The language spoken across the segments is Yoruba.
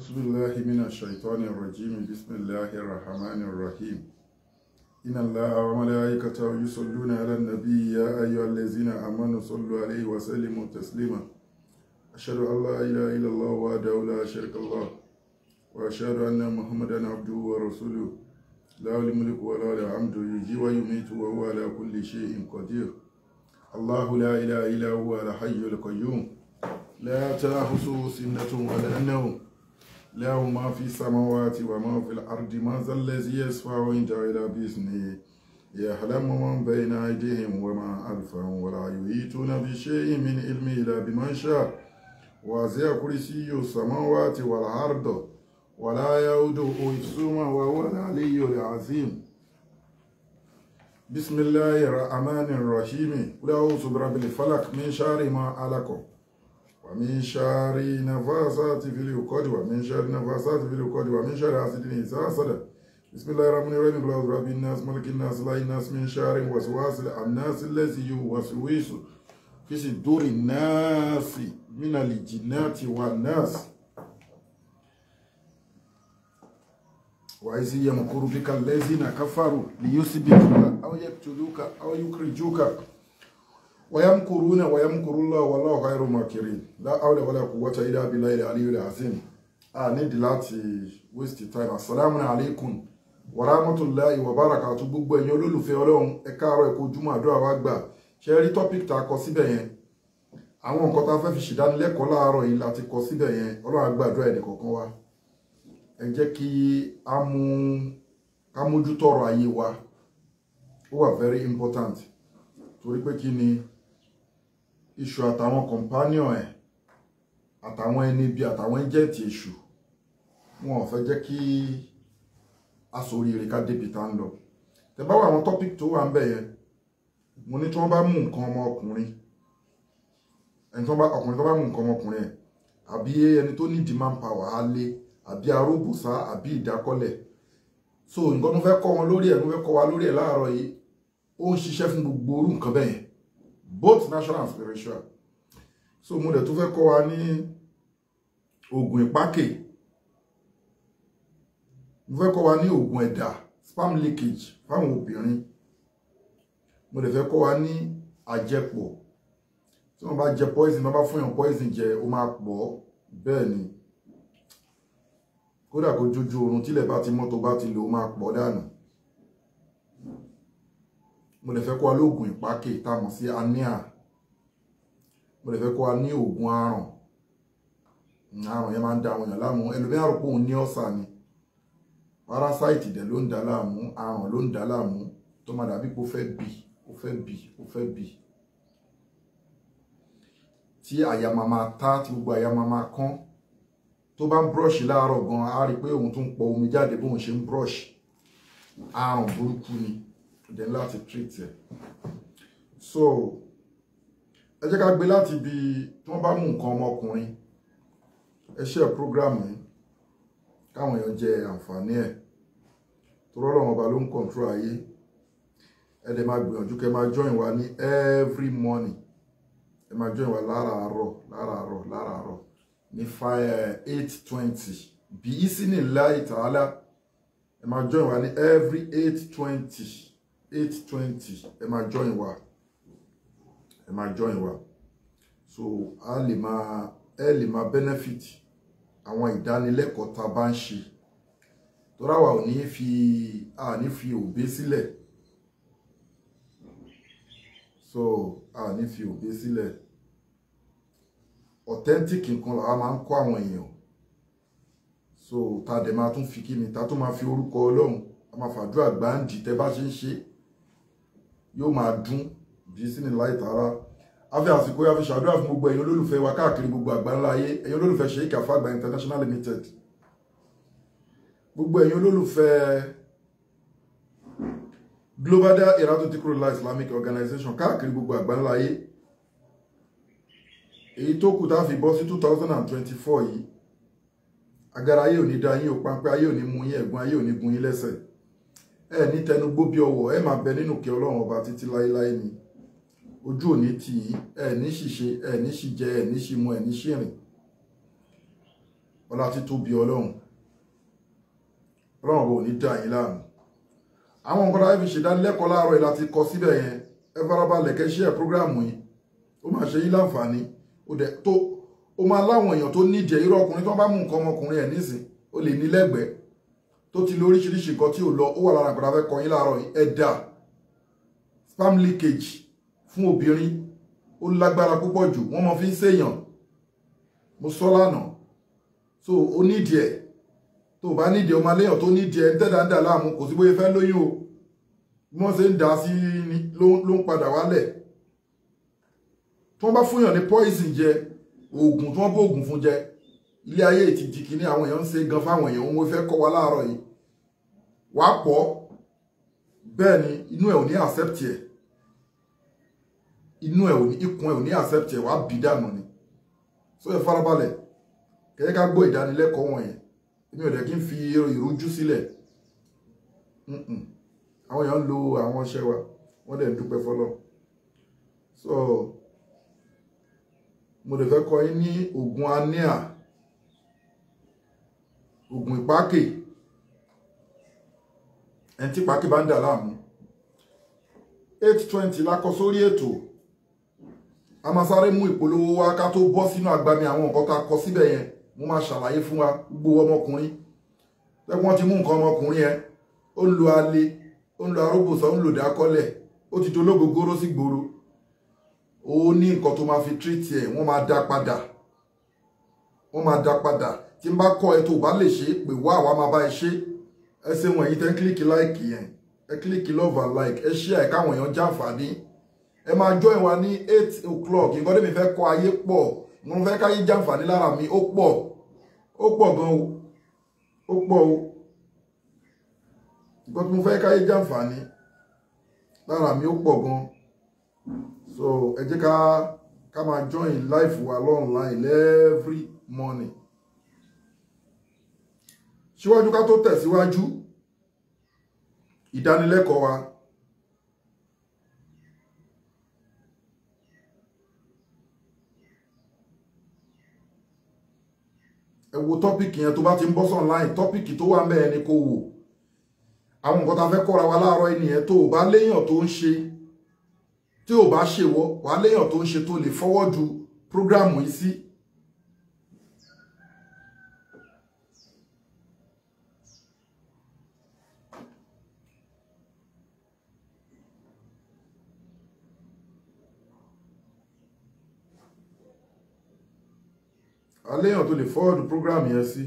بسم الله من الشيطان الرجيم بسم الله الرحمن الرحيم إن الله وملائكته يصلون على النبي يا أيها الذين آمنوا صلوا عليه وسلموا تسليما أشهد أن لا إله إلا الله وحده لا شريك له وأشهد أن محمدا عبده ورسوله له الملك ولا الحمد يجي ويميت وهو على كل شيء قدير الله لا إله إلا هو الحي القيوم لا تأخذه سنة ولا نوم له ما في السماوات وما في الأرض ما ذا الذي يشفع عنده إلا بإذنه يعلم من بين أيديهم وما خلفهم ولا يحيطون بشيء من علمه إلا بما شاء وسع كرسي السماوات والأرض ولا يؤوده حفظهما وهو العلي العظيم بسم الله الرحمن الرحيم قل أعوذ برب الفلق من شر ما خلق ومن شر نفاثات في العقد ومن شر نفاثات في العقد ومن شر حاسد إذا حسد بسم الله الرحمن الرحيم قل رب الناس ملك الناس لا الناس من شر وسواس الناس الذي يوسوس في صدور الناس من الجنات والناس وإذ يمكر بك الذين كفروا ليثبتوك أو يقتلوك أو يخرجوك ويمكرون ويمكر الله والله خير الماكرين لا حول ولا قوة إلا بالله العلي العظيم I need láti waste time assalamu alaikum wa rahmatullahi wa barakatuh gbogbo ẹ̀yin olólùfẹ́ Ọlọ́run ẹ káàárọ̀ ẹ kú ojúmọ́ àdúrà wa gbà ṣe rí topic tá kọ síbẹ̀ fi wa very important torí pé ni iṣu àtàwọn companion ẹ̀ àtàwọn ẹni bíi àtàwọn ẹjẹ̀tì èṣù wọn ò fẹ́ jẹ́ kí aṣoríire ká débi tá ń lọ tẹ bá wà àwọn topic tó wà ń bẹ̀ yẹn mo ní tí wọ́n bá mú nǹkan ọmọkùnrin ẹni tó bá ọkùnrin tó bá mú nǹkan ọmọkùnrin ẹ̀ àbí ẹni tó ní demand power á lé àbí arúbùsá àbí ìdákọ́lẹ̀ so nǹkan tó fẹ́ kọ́ wọn lórí ẹ̀ tó fẹ́ kọ́ wa lórí ẹ̀ láàárọ̀ yìí ó ń ṣiṣẹ́ fún gbogbo orú nǹkan bẹ́ẹ̀ yẹn both natural and spiritual so mo dẹ̀ to fẹ́ kọ́ wa ní oògùn ìpákè mo fẹ́ kọ́ wa ní oògùn ẹ̀dà sperm leakage fáwọn obìnrin mo dẹ̀ fẹ́ kọ́ wa ní àjẹpọ̀ tí wọ́n bá jẹ poison bá bá fún èèyàn poison jẹ ó máa pọ̀ bẹ́ẹ̀ ni kódà kó jójú oorun tílẹ̀ bá ti mọ́ tó bá ti lò ó máa pọ̀ mo lè fẹ́ kó wa lóògùn ìpákè tá a mọ̀ sí aníà mo lè fẹ́ kó wa ní oògùn aràn àrùn yẹn máa ń da àwọn èèyàn láàmú ẹlòmíràn rò pé òun ní ọ̀sà ni parasite dẹ̀ ló ń da láàmú àrùn ló ń da láàmú tó máa dàbí pé ó fẹ́ bì ó fẹ́ bì ó fẹ́ bì tí àyà máa máa tá tí gbogbo àyà máa máa kán tó bá ń búrọ̀ṣì láàárọ̀ gan-an á rí i pé òun tún pọ omi jáde bóun ṣe ń búrọ̀ṣì àrùn burúkú ni dẹ̀ láti treat ẹ̀ so ẹ jẹ́ ká gbé láti ibi tí wọ́n bá mú nǹkan ọmọkùnrin ẹ ṣe program yìí káwọn èèyàn jẹ àǹfààní ẹ̀ tó rọ́lọ́ wọn ọba ló ń control ayé ẹ dẹ̀ máa gbìyànjú kẹ́ máa join wa ní every morning ẹ máa join wa láràárọ̀ láràárọ̀ láràárọ̀ ní eight twenty bí í sí ní láì tààlà ẹ máa join wa ní every eight twenty eight twenty ẹ máa join wa ẹ máa join wa so a lè máa ẹ lè máa benefit àwọn ìdánilẹ́kọ̀ọ́ tá a bá ń ṣe tọ́ra wa ò ní fi a ní fi òbí sílẹ̀ so a ní fi òbí sílẹ̀ authentic nǹkan làwa máa ń kọ́ àwọn èèyàn so ta dẹ̀ máa tún fi kí ni ta tún máa fi orúkọ ọlọ́run a máa fàdúrà gbáǹdì tẹ́ bá ṣe ń ṣe yóò máa dún bí sínú láì tààrà afẹ́ àsìkò yà fi ṣàdúrà fún gbogbo ẹ̀yin olólùfẹ́ wa káàkiri gbogbo àgbáńlá ayé ẹ̀yin olólùfẹ́ Sheikh Alfa Agba International Limited gbogbo ẹ̀yin olólùfẹ́ Global to Dahiratu Dhikrlahi Islamic Organization káàkiri gbogbo àgbáńlá ayé èyí tó kù tá a fi bọ́ sí 2024 yìí agara ayé ò ní da yín ò pápẹ́ ayé ò ní mú yín ẹ̀gbọ́n ayé ò ní gun yín lẹ́sẹ̀ ẹ ní tẹnugbó bí ọwọ́ ẹ máa bẹ nínú kí ọlọ́run ọba títí láéláé ni ojú ò ní tì í ẹ ní ṣìṣe ẹ ní ṣìjẹ ẹ ní ṣìmọ ẹ ní ṣìrìn ọlá títóbi ọlọ́run ọlọ́run ọba ò ní dá yín láàmú àwọn nǹkan láyé fi ṣèdánilẹ́kọ̀ọ́ láàárọ̀ yìí láti kọ síbẹ̀ yẹn ẹ farabalẹ̀ kẹ́ ṣe yìí ó máa ṣe yín láǹfààní ó máa láwọn èèyàn tó nídìí irú ọkùnrin tó bá mú nǹkan ọmọkùnrin ẹ̀ nísìn ó lè ní lẹ́gbẹ̀ẹ́ tó ti lóríṣiríṣi nǹkan tí ò lọ ó wà lára àgbàdo afẹ́ kọyín láàárọ̀ ẹ̀dà spam leakage fún obìnrin ó lágbára púpọ̀ jù wọ́n mọ fi ń ṣèyàn mo sọ lánàá so ó nídìí ẹ̀ tó o bá nídìí ọmọ aléyàn tó nídìí ẹ̀ ń tẹ̀dá ń dà láàmú kò sí bóyá fẹ́ lóyún o bí wọ́n ṣe ń dà á sí ló ń padà wálẹ̀ tí wọ́n bá fúnyàn ní poison jẹ oògùn tí wọ́n bó oògùn fún jẹ ilé ayé ti di kíní àwọn èèyàn ń ṣe gan fáwọn èèyàn òun fẹ́ kọ́ wa láàárọ̀ yìí wà á pọ̀ bẹ́ẹ̀ ni inú ẹ̀ ò ní accept ẹ̀ inú ẹ̀ ò ní ikùn ẹ̀ ò ní accept ẹ̀ wà á bì dànù ni so ẹ farabalẹ̀ kẹ́kẹ́ ká gbọ́ ìdánilẹ́kọ̀ọ́ wọ̀nyẹn èmi ò dẹ̀ kí n fi ìrújú sílẹ̀ àwọn èèyàn ń lo àwọn ọṣẹ wa wọ́n dẹ̀ ń dúpẹ́ fọlọ́ so mo dẹ̀ fẹ́ kọ́ yín ní oògùn aníà oògùn ìpákè ẹni tí ìpákè bá ń dà láàmú eight twenty la kọ sórí ètò a máa sáré mú ìpolówó wá ká tó bọ́ sínú agbami àwọn nǹkan tá a kọ síbẹ̀ yẹn mo máa ṣàlàyé fún wa gbogbo ọmọkùnrin lẹ́kùn wọn ti mú nǹkan ọmọkùnrin yẹn ó ń lo alẹ́ ó ń lo arógbòsọ ó ń lo dákọ́lẹ̀ ó ti dológogoro sí gbòòrò ó ní nǹkan tó máa fi tírìtì ẹ̀ wọ́n máa dá padà wọ́n máa dá padà tí n bá kọ́ ẹ tó bá lè ṣe pè wá àwa máa bá ẹ ṣe ẹ ṣe wọ̀nyí tẹ́ kílíkì láìkì yẹn ẹ kílíkì love and like ẹ ṣí ẹ káwọn èèyàn jàǹfààní ẹ máa join wa ní eight o'clock nǹkan tí mi fẹ́ kọ́ ayé pọ̀ mo fẹ́ káyé jàǹfààní lára mi ó pọ̀ ó pọ̀ gan o ó pọ̀ o nǹkan tí mo fẹ́ káyé jàǹfààní lára mi ó pọ̀ gan so ẹ jẹ́ ká ká máa join life wa line every morning síwájú ká tó tẹ̀síwájú ìdánilẹ́kọ̀ọ́ wa ẹ wo tọ́pìkì yẹn tó bá ti ń bọ́ online tọ́pìkì tó wà ń ni kò wò àwọn nǹkan tá a fẹ́ kọ́ra wa láàárọ̀ ènìyàn tó o bá léèyàn tó ń ṣe tí o bá ṣèwọ wàá léèyàn tó ń ṣe tó lè fọwọ́ ju programu yìí sí. Si léèyàn tó lè fọ́ọ̀dù program yẹn sí.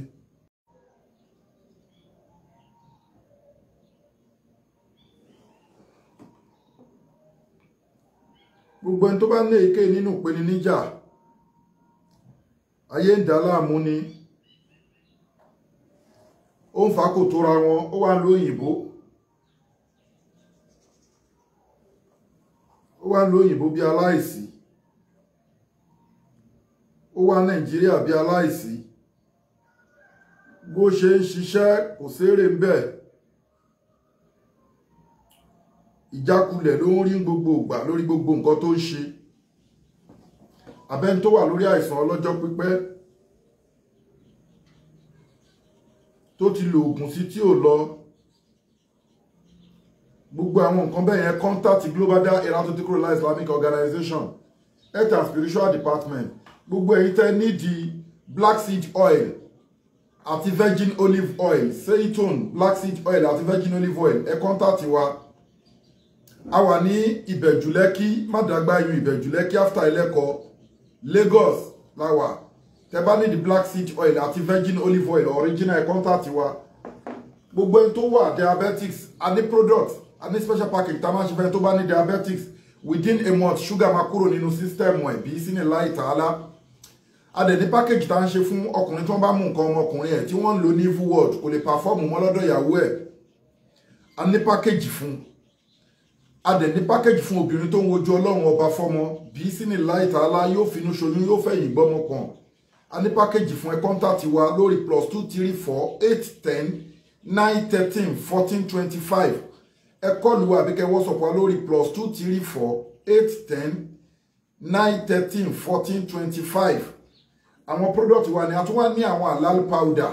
gbogbo ẹni tó bá ní èké nínú ìpeni níjà ayé ń dá láàmú ni ó ń fa kò tóra wọn ó wá ń lo òyìnbó ó wá ń lo òyìnbó bí aláìsí ó wá nàìjíríà bí aláìsí bó ṣe ń ṣiṣẹ́ kò sérè ń bẹ̀ ìjákulẹ̀ ló ń rí gbogbo ìgbà lórí gbogbo nǹkan tó ń ṣe abẹ́ni tó wà lórí àìsàn ọlọ́jọ́ pípẹ́ tó ti lo oògùn sí tí ò lọ gbogbo àwọn nǹkan bẹ́ẹ̀ yẹn contact global dahiratu dhikrlahi islamic organization health and spiritual department gbogbo ẹ̀yin tẹ́ nídìí black seed oil àti virgin olive oil seitan black seed oil àti virgin olive oil ẹ kọ́ńtàtì wa a wà ní ìbẹ̀jùlẹ́kí mádàgbáyù ìbẹ̀jùlẹ́kí after ẹlẹ́kọ Lagos la wà tẹ́ bá nídìí black seed oil àti virgin olive oil original ẹ kọ́ńtàtì wa gbogbo ẹni tó wà diabetics a ní product a ní special package tá a máa ṣe fẹ́ tó bá ní diabetics within a month sugar máa kúrò nínú system ẹ̀ bí sínú láì tààlà a dẹ̀ ní package tá à ń ṣe fún ọkùnrin tí wọ́n bá mú nǹkan ọmọkùnrin ẹ̀ tí wọ́n ń lo ní evil world kò lè pàfọ́ọ̀mù mọ́ lọ́dọ̀ ìyàwó ẹ̀ a ní package fún a dẹ̀ ní package fún obìnrin tó ń wojú ọlọ́run ọba fọ́mọ bí sínú láì tààlà yóò finú ṣoyún yóò fẹ̀yìn gbọ́mọ kan a ní package fún ẹ kọ́ńtàtì wa lórí plus two three four eight ten nine thirteen fourteen twenty five ẹ kọ́ọ̀lù wa àbíkẹ́ WhatsApp wa lórí plus two three four eight ten nine thirteen fourteen twenty five àwọn product wa ni a tún wá ní àwọn halal powder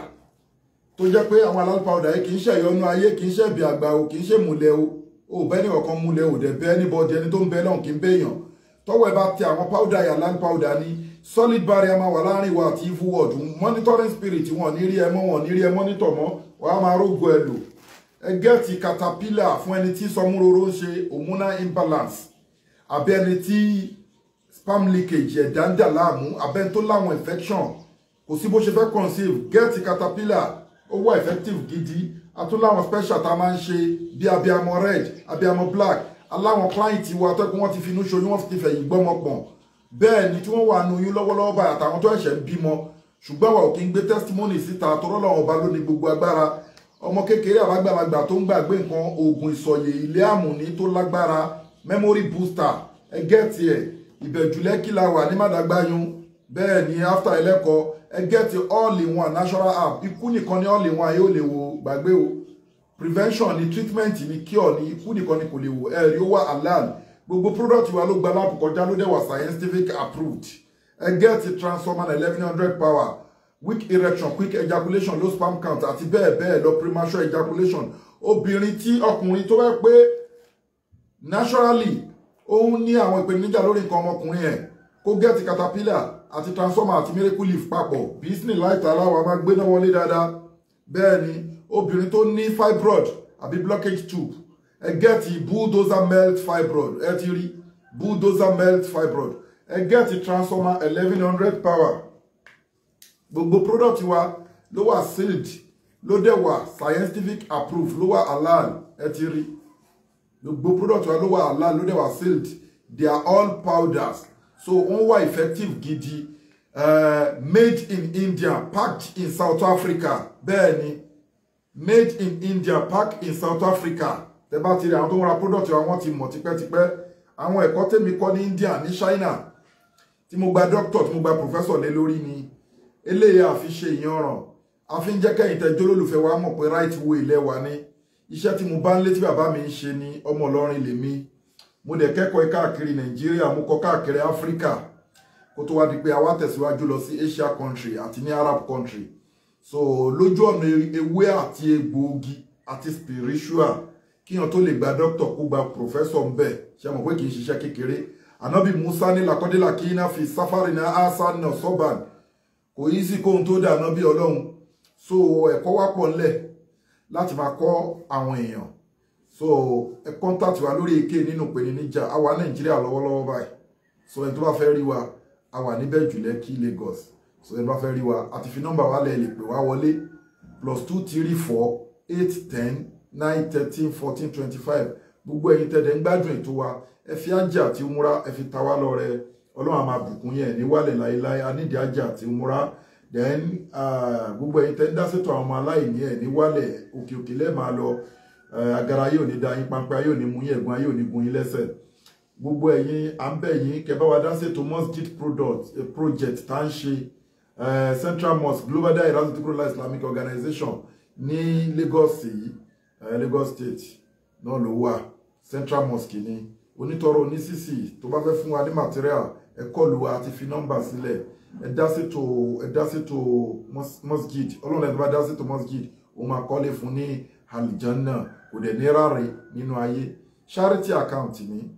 tó jẹ́ pé àwọn halal powder yìí kì í ṣe ìyọnu ayé kì í ṣe ìbí àgbà o kì í ṣe múlẹ̀ o ò bẹ́ẹ̀ ní ọ̀kan múlẹ̀ ò dẹ̀ bẹ́ẹ̀ níbọ̀dì ẹni tó ń bẹ náà kì í bẹ́yàn tọ́wọ́ ẹ bá tẹ àwọn powder yà halal powder ni solid barrier máa wà láàrin wa àti evil world monitoring spirit wọn ní rí ẹ mọ́ wọn ní rí ẹ mọ́nítọ̀ mọ́ wàá máa rógo ẹ lò ẹgẹ́ẹ̀tì caterpillar fún ẹni tí sọmúroro ń ṣe hormonal imbalance àbí ẹni tí palm leakage ẹ̀dá ń dà láàmú abẹ́ tó láwọn infection kò sí bó ṣe fẹ́ conceive get caterpillar ó wà effective gidi atúláwọn special tá a máa ń ṣe bí abiamọ red abiamọ black aláwọn client wa atẹ́kùn wọn ti finú ṣoyún wọn ti fẹ̀yìn gbọ́mọ pọ̀n bẹ́ẹ̀ ni tí wọ́n wà nù oyún lọ́wọ́lọ́wọ́ báyìí àtàwọn tó ẹ̀ṣẹ̀ ń bímọ ṣùgbọ́n wa ò kí ń gbé testimony síta tọ́lọ́lọ́ ọba ló ní gbogbo agbára ọmọ kékeré àbágbàlagbà tó ń gbàgbé nǹkan oògùn ìsọ̀yè ilé àmùní tó lágbára memory booster ẹgẹ́ tiẹ̀ ìbẹ̀jùlẹ̀ kí la wà ní màdàgbáyún bẹ́ẹ̀ ni after ẹlẹ́kọ ẹ gẹ́tì all in one natural app ikú nìkan ni all in one yóò lè wo gbàgbé o prevention ni treatment ni cure ni ikú nìkan ni kò lè wo ẹ̀rí ó wà halal gbogbo product wa ló gba láàpù kọjá ló dẹ̀ wà scientific approved ẹ gẹ́tì transformer eleven hundred power weak erection quick ejaculation low sperm count àti bẹ́ẹ̀ bẹ́ẹ̀ lọ premature ejaculation obìnrin tí ọkùnrin tó wẹ́ pé naturally òun ní àwọn ìpèníjà lórí nǹkan ọmọkùnrin ẹ̀ kó gẹ́ẹ̀tì caterpillar àti transformer àti miracle leaf papọ̀ bísínì láìta aláwọ̀ a máa gbéná wọlé dáadáa bẹ́ẹ̀ ni obìnrin tó ní fibroid àbí blockage tube ẹ gẹ́ẹ̀tì bulldozer melt fibroid ẹ ti rí bulldozer melt fibroid ẹ gẹ́ẹ̀tì transformer eleven hundred power gbogbo product wa ló wà sealed ló dẹ̀ wà scientific approved ló wà halal ẹ ti rí gbogbo product wa ló wà halal ló dẹ̀ wà sealed they are all powders so wọ́n wà effective gidi uh, made in India packed in South Africa bẹ́ẹ̀ ni made in India packed in South Africa tẹ́ bá ti rí àwọn tó ń ra product wa wọ́n ti mọ̀ tipẹ́tipẹ́ àwọn ẹ̀kọ́ tèmi kọ́ ní India ní China tí mo gba doctor tí mo gba professor lé lórí ni eléyà àfi ṣe ìyanràn àfi ń jẹ́ kẹ́yìn tẹ́jọ́ lólùfẹ́ wa mọ̀ pé right way lẹ́wà ni iṣẹ́ tí mo bá ń lé tí bàbá mi ń ṣe ni ọmọ Ìlọrin lèmi mo dẹ̀ kẹ́kọ̀ọ́ káàkiri Nàìjíríà mo kọ́ káàkiri Áfíríkà kó tó wá di pé àwa tẹ̀síwájú lọ sí Asia country àti ní Arab country so lójú ọ̀nà e, ewé àti egbòogi àti spiritual kíyàn tó lè gba doctor kó professor ń bẹ̀ ṣe mọ̀ pé kì í ṣiṣẹ́ kékeré anabi Musa ní làkọ́délà kí iná fi sáfárì náà áásá náà sọ́bàn kò yí sí kóhun tó dà anabi Ọlọ́run so ẹ̀kọ́ wá pọ̀ ńlẹ̀ láti máa kọ́ àwọn èèyàn so ẹ contact wa lórí èké nínú ìpèní níjà a wà nàìjíríà lọ́wọ́lọ́wọ́ báyìí so ẹni tó bá fẹ́ rí wa a wà níbẹ̀ jù lẹ́kí Lagos so ẹni tó bá fẹ́ rí wa àti fi nọ́mbà wa lẹ̀ lè pè wá wọlé plus two three four eight ten nine thirteen fourteen twenty five gbogbo ẹ̀yin tẹ̀dẹ̀ ń gbádùn ètò wa ẹ fi ájà àti umura ẹ fi ta wá lọ́rẹ ọlọ́run àmàbùkún yẹn ní láéláé a nídìí àti umura then uh, gbogbo ẹ̀yin tẹ́ ń dá sètò àwọn ọmọ aláìní ẹ̀ ní òkè òkè lẹ́ẹ̀ lọ uh, agara yóò ní da yín pampá yóò ní mú yín ẹ̀gbọ́n yóò ní gun yín lẹ́sẹ̀ gbogbo ẹ̀yin à ń bẹ̀ yín kẹ́ bá wa dá sètò mosjid eh, project tá ń ṣe eh, central mosque global dahiratu dhikrlahi islamic organization ní Lagos eh, Lagos state náà ló wà central mosque ni onítọ̀rọ̀ onísìsì tó bá fẹ́ fún wa ní material ẹ kọlù wa àti fi nọ́mbà sílẹ̀ ẹ dá sí tó ẹ dá sí tó mosgid ọlọ́run ẹni bá dá sí tó mosgid ó máa kọ́lé fún ní àlìjánná kò dẹ̀ ní ráre nínú ayé charity account ní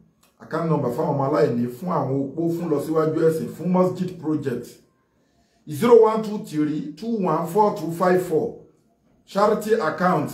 account number fáwọn ọmọ aláìní fún àwọn opó fún lọ síwájú ẹ̀sìn fún mosgid project zero one two three two one four two five four charity account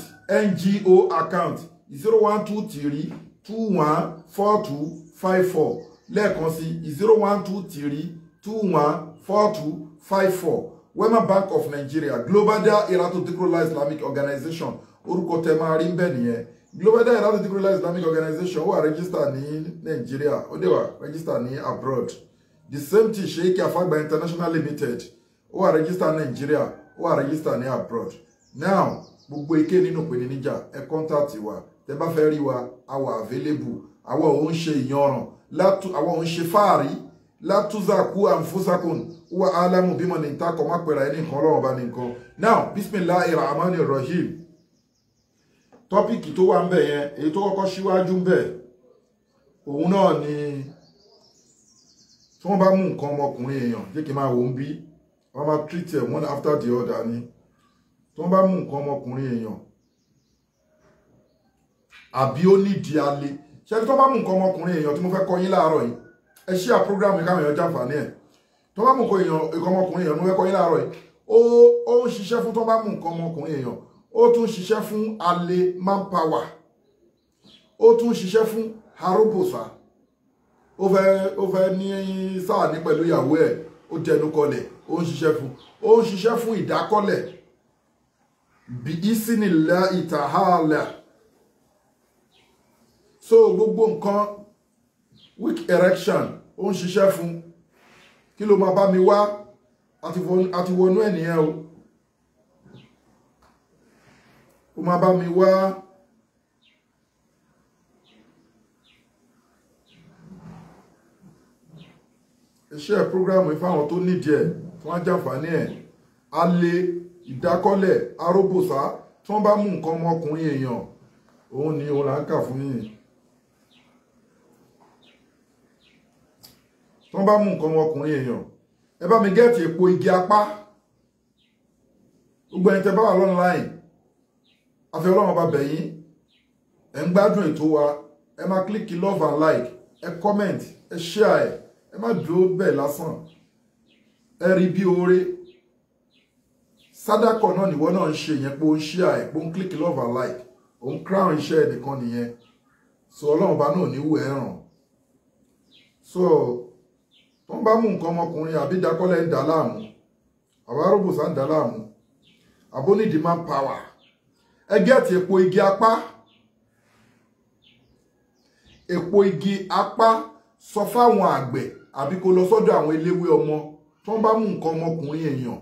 ngo account zero one two three two one four two five four lẹ́ẹ̀kan sí zero one two three two one 4254 Wema Bank of Nigeria Global Dahiratu Dhikrlahi Islamic Organization orúkọ tẹ máa rí bẹ́ẹ̀ nìyẹn Global Dahiratu Dhikrlahi Islamic Organization ó wà rẹ́gísítà ní Nigeria ó dẹ̀ wà rẹ́gísítà ní abroad the same thing Sheikh Afagba International Limited ó wà rẹ́gísítà Nigeria ó wà rẹ́gísítà ní abroad now gbogbo èké nínú ìpèníjà ẹ kọ́ńtàtì wa tẹ bá fẹ́ rí wa a wà available àwa ò ń ṣe ìyanràn àwa ò ń ṣe fáàrí látúzàkú àǹfọ́sàkùn wà álámù bímọ ní ìtakọ̀ má pẹ̀lá ẹni nǹkan ọlọ́run bá ní nǹkan now bismillahir rahmanir rahim tọ́pìkì tó wà ń bẹ̀ yẹn èyí tó kọ́kọ́ síwájú ń bẹ̀ òun náà ni tí wọ́n bá mú nǹkan ọmọkùnrin èèyàn jẹ́ kí n máa wò ń bí wọ́n máa treat ẹ̀ one after the other ni tí wọ́n bá mú nǹkan ọmọkùnrin èèyàn àbí ó nídìí alẹ́ ṣe tí wọ́n bá mú nǹkan ọmọkùnrin èèyàn tí mo fẹ́ kọ́ yín láàárọ̀ yìí ẹ ṣí à program yìí káwọn èèyàn jàǹfààní ẹ̀ tó bá mú nǹkan èèyàn nǹkan ọmọkùnrin èèyàn ló fẹ́ kọ́ yín láàárọ̀ yìí ó ó ń ṣiṣẹ́ fún tó bá mú nǹkan ọmọkùnrin èèyàn ó tún ṣiṣẹ́ fún alẹ́ manpower ó tún ṣiṣẹ́ fún harobosa ó fẹ́ ó fẹ́ ní sáà ní pẹ̀lú ìyàwó ẹ̀ ó tẹnu kọlẹ̀ ó ń ṣiṣẹ́ fún ó ń ṣiṣẹ́ fún ìdákọ́lẹ̀ bí ìsìnìlẹ̀ ìtàhálà so gbogbo nǹkan weak erection ó ń ṣiṣẹ́ fún kí ló máa bá mi wá àti wọnú ẹ̀nìyàn o ó máa bá mi wá iṣẹ́ prógrámù fáwọn tó nídìí ẹ̀ fún ajáfàní ẹ̀ alẹ́ ìdákọ́lẹ̀ aróbòsá tí wọ́n bá mú nǹkan ọmọkùnrin èèyàn òun ni òun là ń kà fún yìí tí wọ́n bá mú nǹkan ọmọkùnrin èèyàn ẹ bá mi gẹ́ẹ̀tì epo igi apá gbogbo ẹni tẹ bá wà lọ́nláìn afẹ́ ọlọ́run ọba bẹ̀yìn ẹ̀ ń gbádùn ètò wa ẹ máa kílíkì love and like ẹ comment ẹ share ẹ ẹ má dúró bẹ́ẹ̀ lásán ẹ rí bí oore sádàkọ̀ náà nìwọ náà ń ṣe yẹn pé ó ń share ẹ pé ó ń kílíkì love and like ó ń crown iṣẹ́ ẹnìkan nìyẹn so ọlọ́run ọba náà ò ní wù ẹ́ so tó ń bá mú nǹkan ọmọkùnrin àbí dakọ́lẹ̀ ń dà láàmú àwa arúgbòsà ń dà láàmú àbó ní demand power ẹgẹ́ àti epo igi apá epo igi apá sọ fáwọn àgbẹ̀ àbí kó lọ sọ́dọ̀ àwọn eléwé ọmọ tó ń bá mú nǹkan ọmọkùnrin èèyàn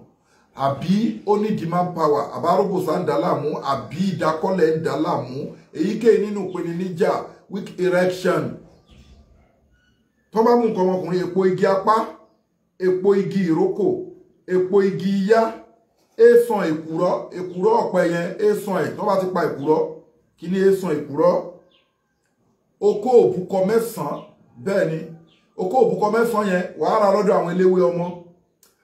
àbí ó ní demand power àbáròbòsà ń dà láàmú àbí ìdákọ́lẹ̀ ń dà láàmú èyíkéyìí nínú ìpèníjà weak erection tó bá mú nǹkan ọmọkùnrin èpo igi apá èpo igi ìrókò èpo igi iyá èèsàn èkùrọ́ èkùrọ́ ọ̀pẹ yẹn èèsàn ẹ̀ tó bá ti pa èkùrọ́ kí ni èèsàn èkùrọ́ okó òbúkọ mẹ́sàn-án bẹ́ẹ̀ ni okó òbúkọ mẹ́sàn-án yẹn wàá ra lọ́dọ̀ àwọn eléwé ọmọ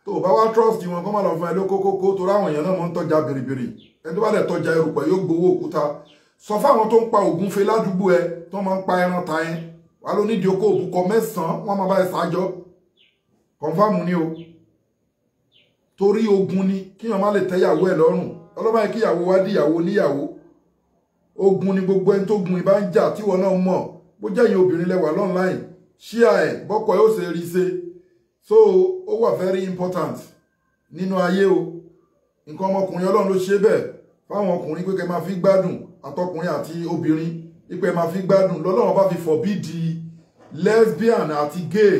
tó o bá wá trust wọn kọ́ máa lọ fún ẹ lókókókó tó ráwọn èèyàn náà mọ́ ń tọ́jà bèrèbèrè ẹni tó bá dẹ̀ tọ́jà erùpẹ̀ yóò gbowó òkúta sọ fáwọn tó ń pa ògúnfe ládùúgbò ẹ tó máa ń pa ẹran ta yẹn wà ló nídìí okó òbúkọ mẹ́sàn-án wọ́n máa bá ẹ ṣáájọ́ kọ̀ǹfàmù ni o torí ogun ni kíyàn má lè tẹ́yàwó ẹ̀ lọ́rùn ọlọ́mọ yẹn kíyàwó wá díyàwó níyàwó ogun ni gbogbo ẹni tó gun ìbá ń jà tíwọ náà mọ̀ bó jẹ́ ẹ̀yin obìnrin lẹ́wà lọ́nláìn ṣíà ẹ̀ bọ́kọ̀ ẹ̀ ó ṣe rí ṣe so ó wà very important nínú ayé o nǹkan ọmọkùnrin ọlọ́run ló ṣe bẹ́ẹ̀ fáwọn ọkùnrin pé kẹ́ máa fi gbádùn àtọkùnrin àti obìnrin ipò ẹ̀ máa fi gbádùn lọ́lọ́wọ́n bá fi fọ̀bídì lesbian àti gay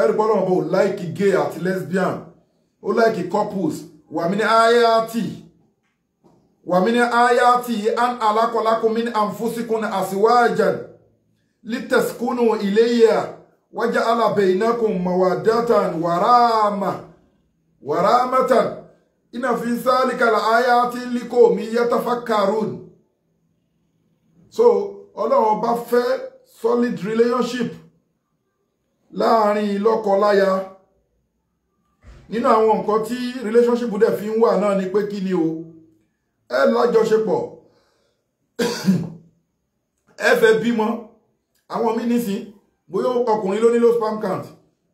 ẹ̀rí pọ́ lọ́wọ́n bá ò láìkì gay àti lesbian ó láìkì couples wàmí ní ayáàtì wàmí ní ayáàtì an alákọ̀lákùnmí ní àǹfóṣíkùn àṣìwájà lítẹ̀síkùnù ìléyà wájà alábẹ̀yìnákùn mọ̀wádátàn wàràmà wàràmátàn ìnàfin sáàlì kàlà ayáàtì líkò mi yẹtafakkarun so ọlọ́run ọba fẹ́ solid relationship láàrin lọ́kọ-láya nínú àwọn nǹkan tí relationship dẹ̀ fi ń wà náà ni pé kí ni o ẹ lájọṣepọ̀ ẹ fẹ́ bímọ àwọn míì nísìn bóyá ọkùnrin ló ní low sperm count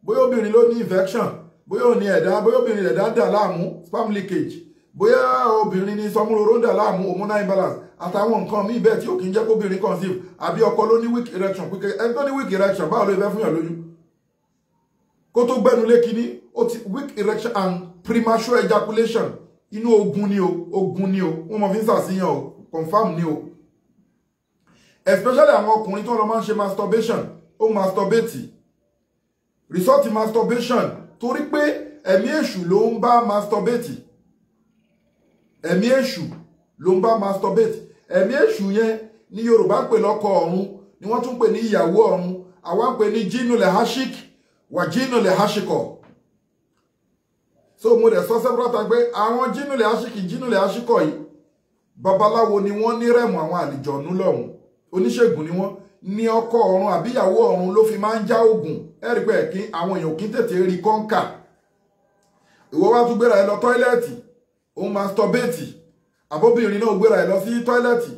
bóyá obìnrin ló ní infection bóyá ò ní ẹ̀dá bóyá obìnrin ẹ̀dá dà láàmú sperm leakage bóyá obìnrin ní sọmúroró ń dà láàmú hormonal imbalance àtàwọn nǹkan míì bẹ́ẹ̀ tí ò kí ń jẹ́ kóbìnrin conceive àbí ọkọ ló ní weak erection pípẹ́ ẹni tó ní weak erection báwo ló fẹ́ fún yàn lóyún kó tó gbẹ́nu lé kínní ó ti weak erection and premature ejaculation inú ogun ni o ogun ni o wọ́n mọ̀ fi ń ṣàṣeyàn o confam ni o especially àwọn ọkùnrin tó lọ máa ń ṣe masturbation ó masturbate result masturbation torí pé ẹ̀mí èṣù ló ń bá masturbate ẹ̀mí èṣù ló ń bá masturbate ẹ̀mí èṣù yẹn ní yorùbá ń pè lọ́kọ ọ̀run ni wọ́n tún pè ní ìyàwó ọ̀run àwa ń pè ní jínúlẹ̀ hashik wà jínúlẹ̀ hashikọ̀ so mo dẹ̀ sọ several times pé àwọn jínúlẹ̀ hashik jínúlẹ̀ hashikọ̀ yìí babaláwo ni wọ́n ní rẹ̀mù àwọn àlìjọ̀nú lọ́hùn oníṣègùn ni wọ́n ní ọkọ ọ̀run àbíyàwó ọ̀run ló fi máa ń já oògùn ẹ̀rí pé kí àwọn èèyàn kí tètè rí kọ́ńkà ìwọ wá tún gbéra ẹ lọ tọ́ílẹ̀tì òun máa stọ́bẹ̀tì àbóbìnrin náà gbéra ẹ̀ lọ sí tọ́ílẹ̀tì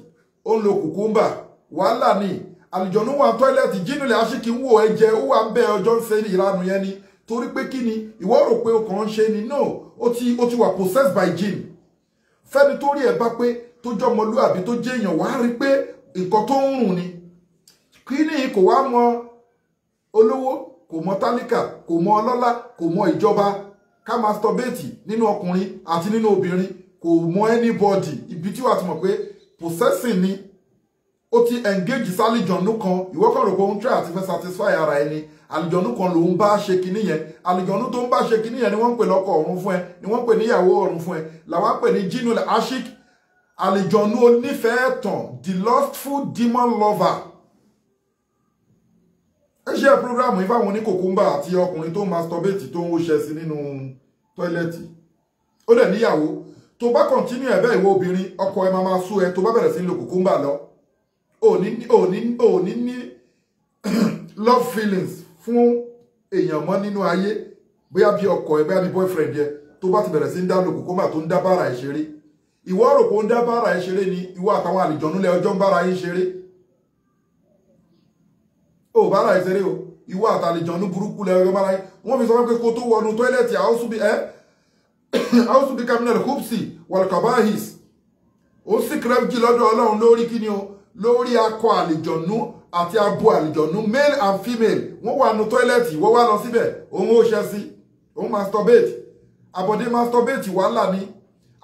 ó ń lo kùkúmbà wàhálà ni àlùjọ̀nú wà tọ́ílẹ̀tì jínúlẹ̀ aṣíkì ń wò ẹ jẹ ó wà ń bẹ ọjọ́ ń ṣe ìlànà yẹn ni torí pé kí ni ìwọ rò pé o kàn ń ṣe ni no ó ti ó ti wà possessed by jinn fẹ́ni tó rí ẹ̀ bá pé tó jọmọlúàbí tó jẹ́ èèyàn wàá rí pé nǹkan tó ń rùn ni kí ni kò wá mọ olówó kò mọ tálíkà kò mọ ọlọ́lá kò mọ ìjọba ká máa stọbẹ́ẹ̀tì nínú ọkùnrin àti nínú obìnrin kò mọ anybody ibi tí wàá ti mọ̀ pé possessing ni ó ti engage sálìjọ̀nù kan ìwọ kan rò pé òun try àti fẹ́ satisfy ara ẹni àlìjọ̀nù kan lòun bá ṣe kinní yẹn àlìjọ̀nù tó ń bá ṣe kinní yẹn ni wọ́n ń pè lọ́kọ ọ̀run fún ẹ ni wọ́n ń pè níyàwó ọ̀run fún ẹ làwọn pè ní jinul ashik àlìjọ̀nù onífẹ̀ẹ́ tàn the lustful demon lover ẹ ṣe programu ìfáwọn oníkòkúmbà àti ọkùnrin tó masturbate tó ń ṣe sí nínú tọ́ílẹ̀tì ó dẹ̀ níyàwó tó bá kọ̀ntínú ẹ̀ bẹ́ẹ̀ ìwọ obìnrin ọkọ ẹ máa máa sú ẹ tó bá bẹ̀rẹ̀ sí lo kùkúmbà lọ òní òní òní ní love feelings fún èèyàn mọ́ nínú ayé bóyá bí ọkọ ẹ bóyá bí boyfriend yẹ tó bá ti bẹ̀rẹ̀ sí ń dá lo kùkúmbà tó ń dá bára ẹ̀ ṣeré ìwọ rò pé ó ń dá bára ẹ̀ ṣeré ni ìwọ àtàwọn àlìjọ́núlẹ̀ ọjọ́ ń bára yín ṣeré ò bára ẹ̀ ṣeré o ìwọ àtàlìjọ́nú burúkú lẹ́yọ́ bára yín wọ́n fi sọ pé kó tó wọnú tọ́ílẹ̀tì áwùsù bí kaminal hupsi walkabahis ó sì kírẹ́bìkì lọ́dọ̀ ọlọ́run lórí kíni o lórí akọ àlìjọ̀nú àti abo àlìjọ̀nú male and female wọ́n wà nù tọ́ílẹ̀tì wọ́n wà lọ síbẹ̀ òun ó ṣe sí òun masturbate àbọ̀dé masturbate wàhálà ni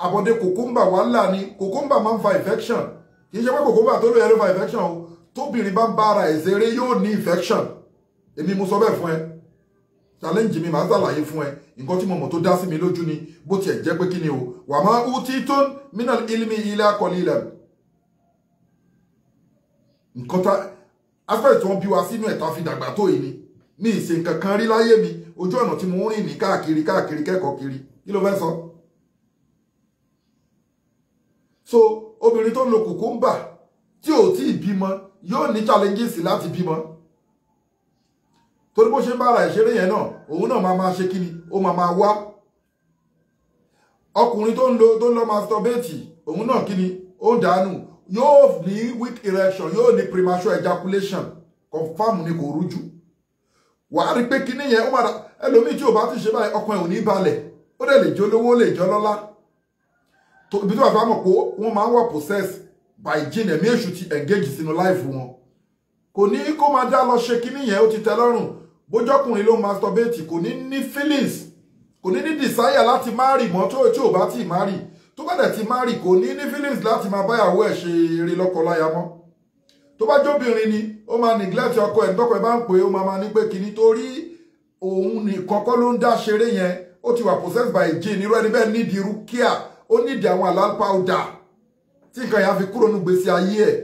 àbọ̀dé kòkómbà wàhálà ni kòkómbà máa ń fa infection kì í ṣe pé kòkómbà tó lóye ló fa infection o tóbìnrin bá ń bá ara ẹ̀ ṣeré yóò ní infection èmi mo sọ bẹ́ẹ̀ fún ẹ challenge mi màá ṣàlàyé fún ẹ nǹkan tí mo mọ̀ tó dá sí mi lójú ni bó tiẹ̀ jẹ́ pé kí ni o wà máa ń tí tó mínà ilmi ilé akọni ilẹ̀ nǹkan tá aspect wọn bí wa sínú ẹ̀ tá fi dàgbà tó yìí ni ní ìṣe nǹkan kan rí láyé mi ojú ọ̀nà tí mo ń rìn ní káàkiri káàkiri kẹ́kọ̀ọ́ kiri kí ló fẹ́ sọ. so obìnrin tó ń lo kùkúmbà tí ò tí ì bímọ yóò ní challenges láti bímọ torí bó ṣe ń bára ìṣeré yẹn náà òun náà máa máa ṣe kíni ó máa máa wá ọkùnrin tó ń lo tó ń lọ masturbate òun náà kíni ó ń dànù yóò ní weak erection yóò ní premature ejaculation confam ni kò rújú wàá rí pé kíní yẹn ó máa ẹlòmíì tí ò bá ti ṣe báyìí ọkàn ẹ̀ ò ní balẹ̀ ó dẹ̀ lè jólówó lè jọlọ́lá ibi tí wàá fi mọ̀ pé wọ́n máa ń wà process by gene ẹ̀mí èṣù ti engage sínú life wọn kò ní kó máa dá lọ ṣe kíní yẹn ó ti tẹ́ lọ́rùn bójọ́kùnrin ló masturbate kò ní ní feelings kò ní ní desire láti má rì mọ́ tó tí ò bá tì má rì tó bá dẹ̀ ti má rì kò ní ní feelings láti máa báyàwó ẹ̀ ṣe eré lọ́kọláya mọ́ tó bá jóbìnrin ni ó máa neglect ọkọ ẹ̀ ńdọ́kọ̀ ẹ̀ bá ń pè é ó máa máa ní pé kìíní torí òun nìkan kọ́ ló ń dá ṣeré yẹn ó ti wà possessed by jane irú ẹni bẹ́ẹ̀ nídìí irú kíá ó nídìí àwọn àlá powder tí nǹkan yẹn á fi kúrò nù gbèsè ayé ẹ̀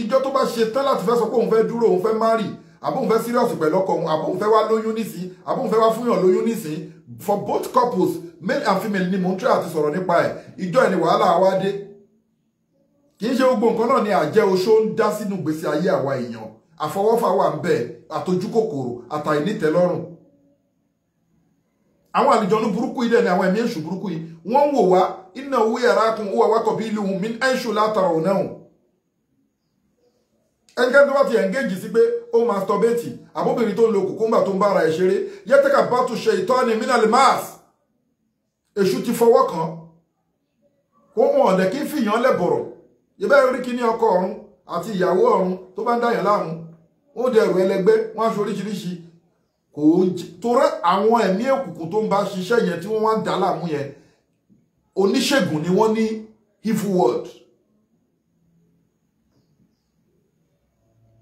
ìjọ tó bá ṣe tán láti fẹ́ sọ pé òun fẹ́ dúró òun fẹ́ má rì àbóhùn fẹ́ serious pẹ̀lú ọkọ òun àbóhùn fẹ́ wá lóyún nísìn àbóhùn fẹ́ wá fúnyàn lóyún nísìn for both couples male and female ni mò ń try àti sọ̀rọ̀ nípa ẹ̀ ìjọ ẹ̀ ni wàhálà wa dé kì í ṣe gbogbo nǹkan náà ni àjẹ́ oṣó ń dá sínú ìgbésí ayé àwa èèyàn àfọwọ́fà wà ń bẹ̀ àtojú àtàìnítẹ́lọ́rùn àwọn àlùjọ̀nú burúkú yìí dẹ̀ ni àwọn ẹ̀mí èṣù burúkú yìí wọ́n ń wò wá iná owó yàrá kun ó wà wákọ̀ bí ìlú min aishu látara òun náà ẹnikẹ́ni tó bá ti engage sí pé ó masturbate àbóbìnrin tó ń lo kùkúmbà tó ń bára ẹ̀ ṣeré yẹ́tẹ́ka bá tún ṣe ìtọ́ni mineral mass èṣù ti fọwọ́ kàn ó mọ̀ ọ̀dẹ̀ kí fìyàn lẹ́bọ̀rọ̀ ìbẹ́ rí kí ní ọkọ ọ̀run àti ìyàwó ọ̀run tó bá ń dàyàn láàmú ó dẹrù ẹlẹgbẹ́ wọ́n aṣọ oríṣiríṣi kò torẹ́ àwọn ẹ̀mí òkùnkùn tó ń bá ṣiṣẹ́ yẹn tí wọ́n wá ń dà láàmú yẹn oníṣègùn ni wọ́n ní evil world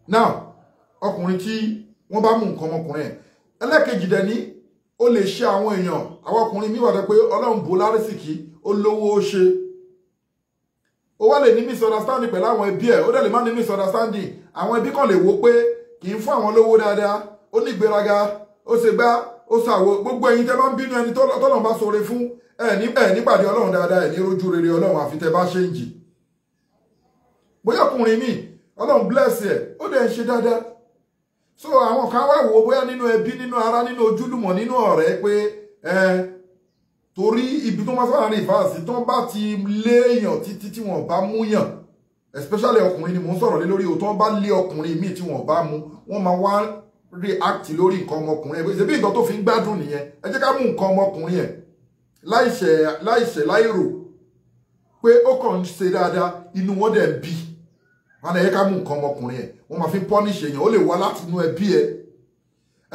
now ọkùnrin tí wọ́n bá mú nǹkan ọmọkùnrin ẹ̀ ẹlẹ́ẹ̀kejì dẹ̀ ní ó lè ṣe àwọn èèyàn àwọn ọkùnrin mi wà pé ọlọ́run bò lárísìkí ó lówó ó ṣe ó wá lè ní misunderstanding pẹ̀lú àwọn ẹbí ẹ̀ ó dẹ̀ lè má ní misunderstanding àwọn ẹbí kan lè wò pé kì í fún àwọn lówó dáadáa ó ní ìgbéraga ó ṣe gbá ó ṣàwo gbogbo ẹ̀yin tẹ́ bá ń bínú ẹni tọ́lọ́run bá ṣoore fún ẹ̀ nípàdé ọlọ́run dáadáa ẹ̀ ní rójú rere ọlọ́run àfi tẹ́ bá ṣe ń jì bóyá ọkùnrin míì ọlọ́run bless ẹ̀ ó dẹ̀ ń ṣe dáadáa so àwọn kan wá wò bóyá nínú ẹbí nínú ará nínú ojúlùmọ̀ nínú ọ̀rẹ́ pé ẹ torí ibi tó máa sábà ní ìfàsí tó bá ti léèyàn títí tí wọ́n bá mú yàn especially ọkùnrin ni mò ń sọ̀rọ̀ lé lórí o tó bá lé ọkùnrin míì tí wọ́n bá mú wọ́n máa wá react lórí nǹkan ọmọkùnrin ẹ̀ ṣe bí nǹkan tó fi ń gbádùn nìyẹn ẹ jẹ́ ká mú nǹkan ọmọkùnrin ẹ̀ láìṣẹ̀ láìṣẹ̀ láìrò pé ó kàn ń ṣe dáadáa inú wọn dẹ̀ bíi wọn àyè ká mú nǹkan ọmọkùnrin ẹ wọn máa fi pọ́nìṣì èèyàn ó lè wá láti inú ẹbí ẹ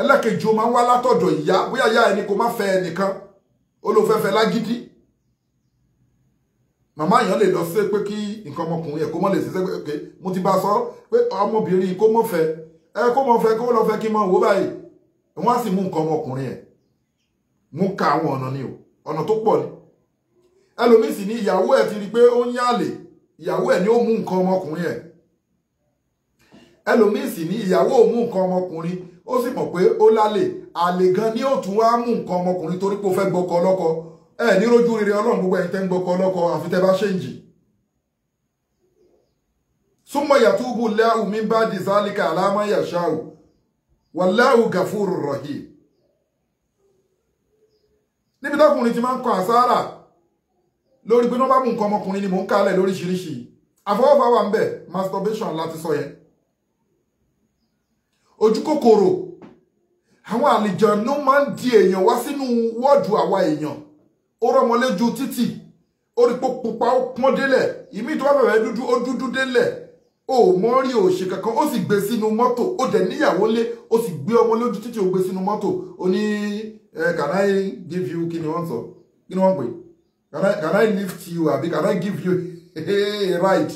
ẹlẹ́kejì ó máa ń wá látọ̀dọ̀ ìyá bóyá ìyá ẹni kò má fẹ́ ẹnìkan ó ló fẹ́fẹ́ lágídí màmá èèyàn lè lọ sí pé kí nǹkan ọmọkùnrin ẹ kó mọ́ lè ṣiṣẹ́ pé ok mo ti bá a sọ pé ọmọbìnrin kó mọ́ fẹ́ ẹ kó mọ́ fẹ́ kó lọ fẹ́ kí n mọ òwò báyìí wọ́n á sì mú nǹkan ọmọkùnrin ẹ̀ mú ka àwọn ọ̀nà ni o ọ̀nà tó pọ̀ ni ẹlòmíì sì ni ìyàwó ẹ̀ ti rí pé ó ń yàlè ìyàwó ẹ̀ ni ó mú nǹkan ọmọkùnrin ẹ̀ ẹlòmíì sì ní ìyàwó òun mú nǹkan ọmọkùnrin ó sì mọ̀ pé ó lálè àlè gan ni òtún wá mú nǹkan ọmọkùnrin torí pé ó fẹ́ gbọ́kọ lọ́kọ ẹ ní rójú rere ọlọ́run gbogbo ẹ̀yin tẹ́ ń gbọ́kọ lọ́kọ àfi tẹ́ bá ṣèǹjì. súnmọ́ yàtúbù lẹ́hù mi bá di zálíkà àlámọ́ yàṣáù wàláhù gàfúrù rọ̀hì. níbi tọkùnrin ti máa ń kọ àsárà lórí pé wọ́n bá mú nǹkan ọmọkùnrin ni mò ń kalẹ̀ lóríṣiríṣi àfọwọ́fà wà ń bẹ̀ masturbation láti sọ yẹn ojú kòkòrò àwọn àlìjànú máa ń di èèyàn wá sínú wọ́ọ̀dù àwa èèyàn ó rọmọlẹ́jú títì ó rí pupa ó pọ́n délẹ̀ ìmí tó bá bẹ̀rẹ̀ dúdú ó dúdú délẹ̀ ó mọ́ rí òṣè kankan ó sì gbé sínú mọ́tò ó dẹ̀ níyàwó lé ó sì gbé ọmọ lójú títì ó gbé sínú mọ́tò ó ní eh, can I give you kí ni wọ́n sọ kí ni wọ́n pè can I can I lift you àbí can I give you a ride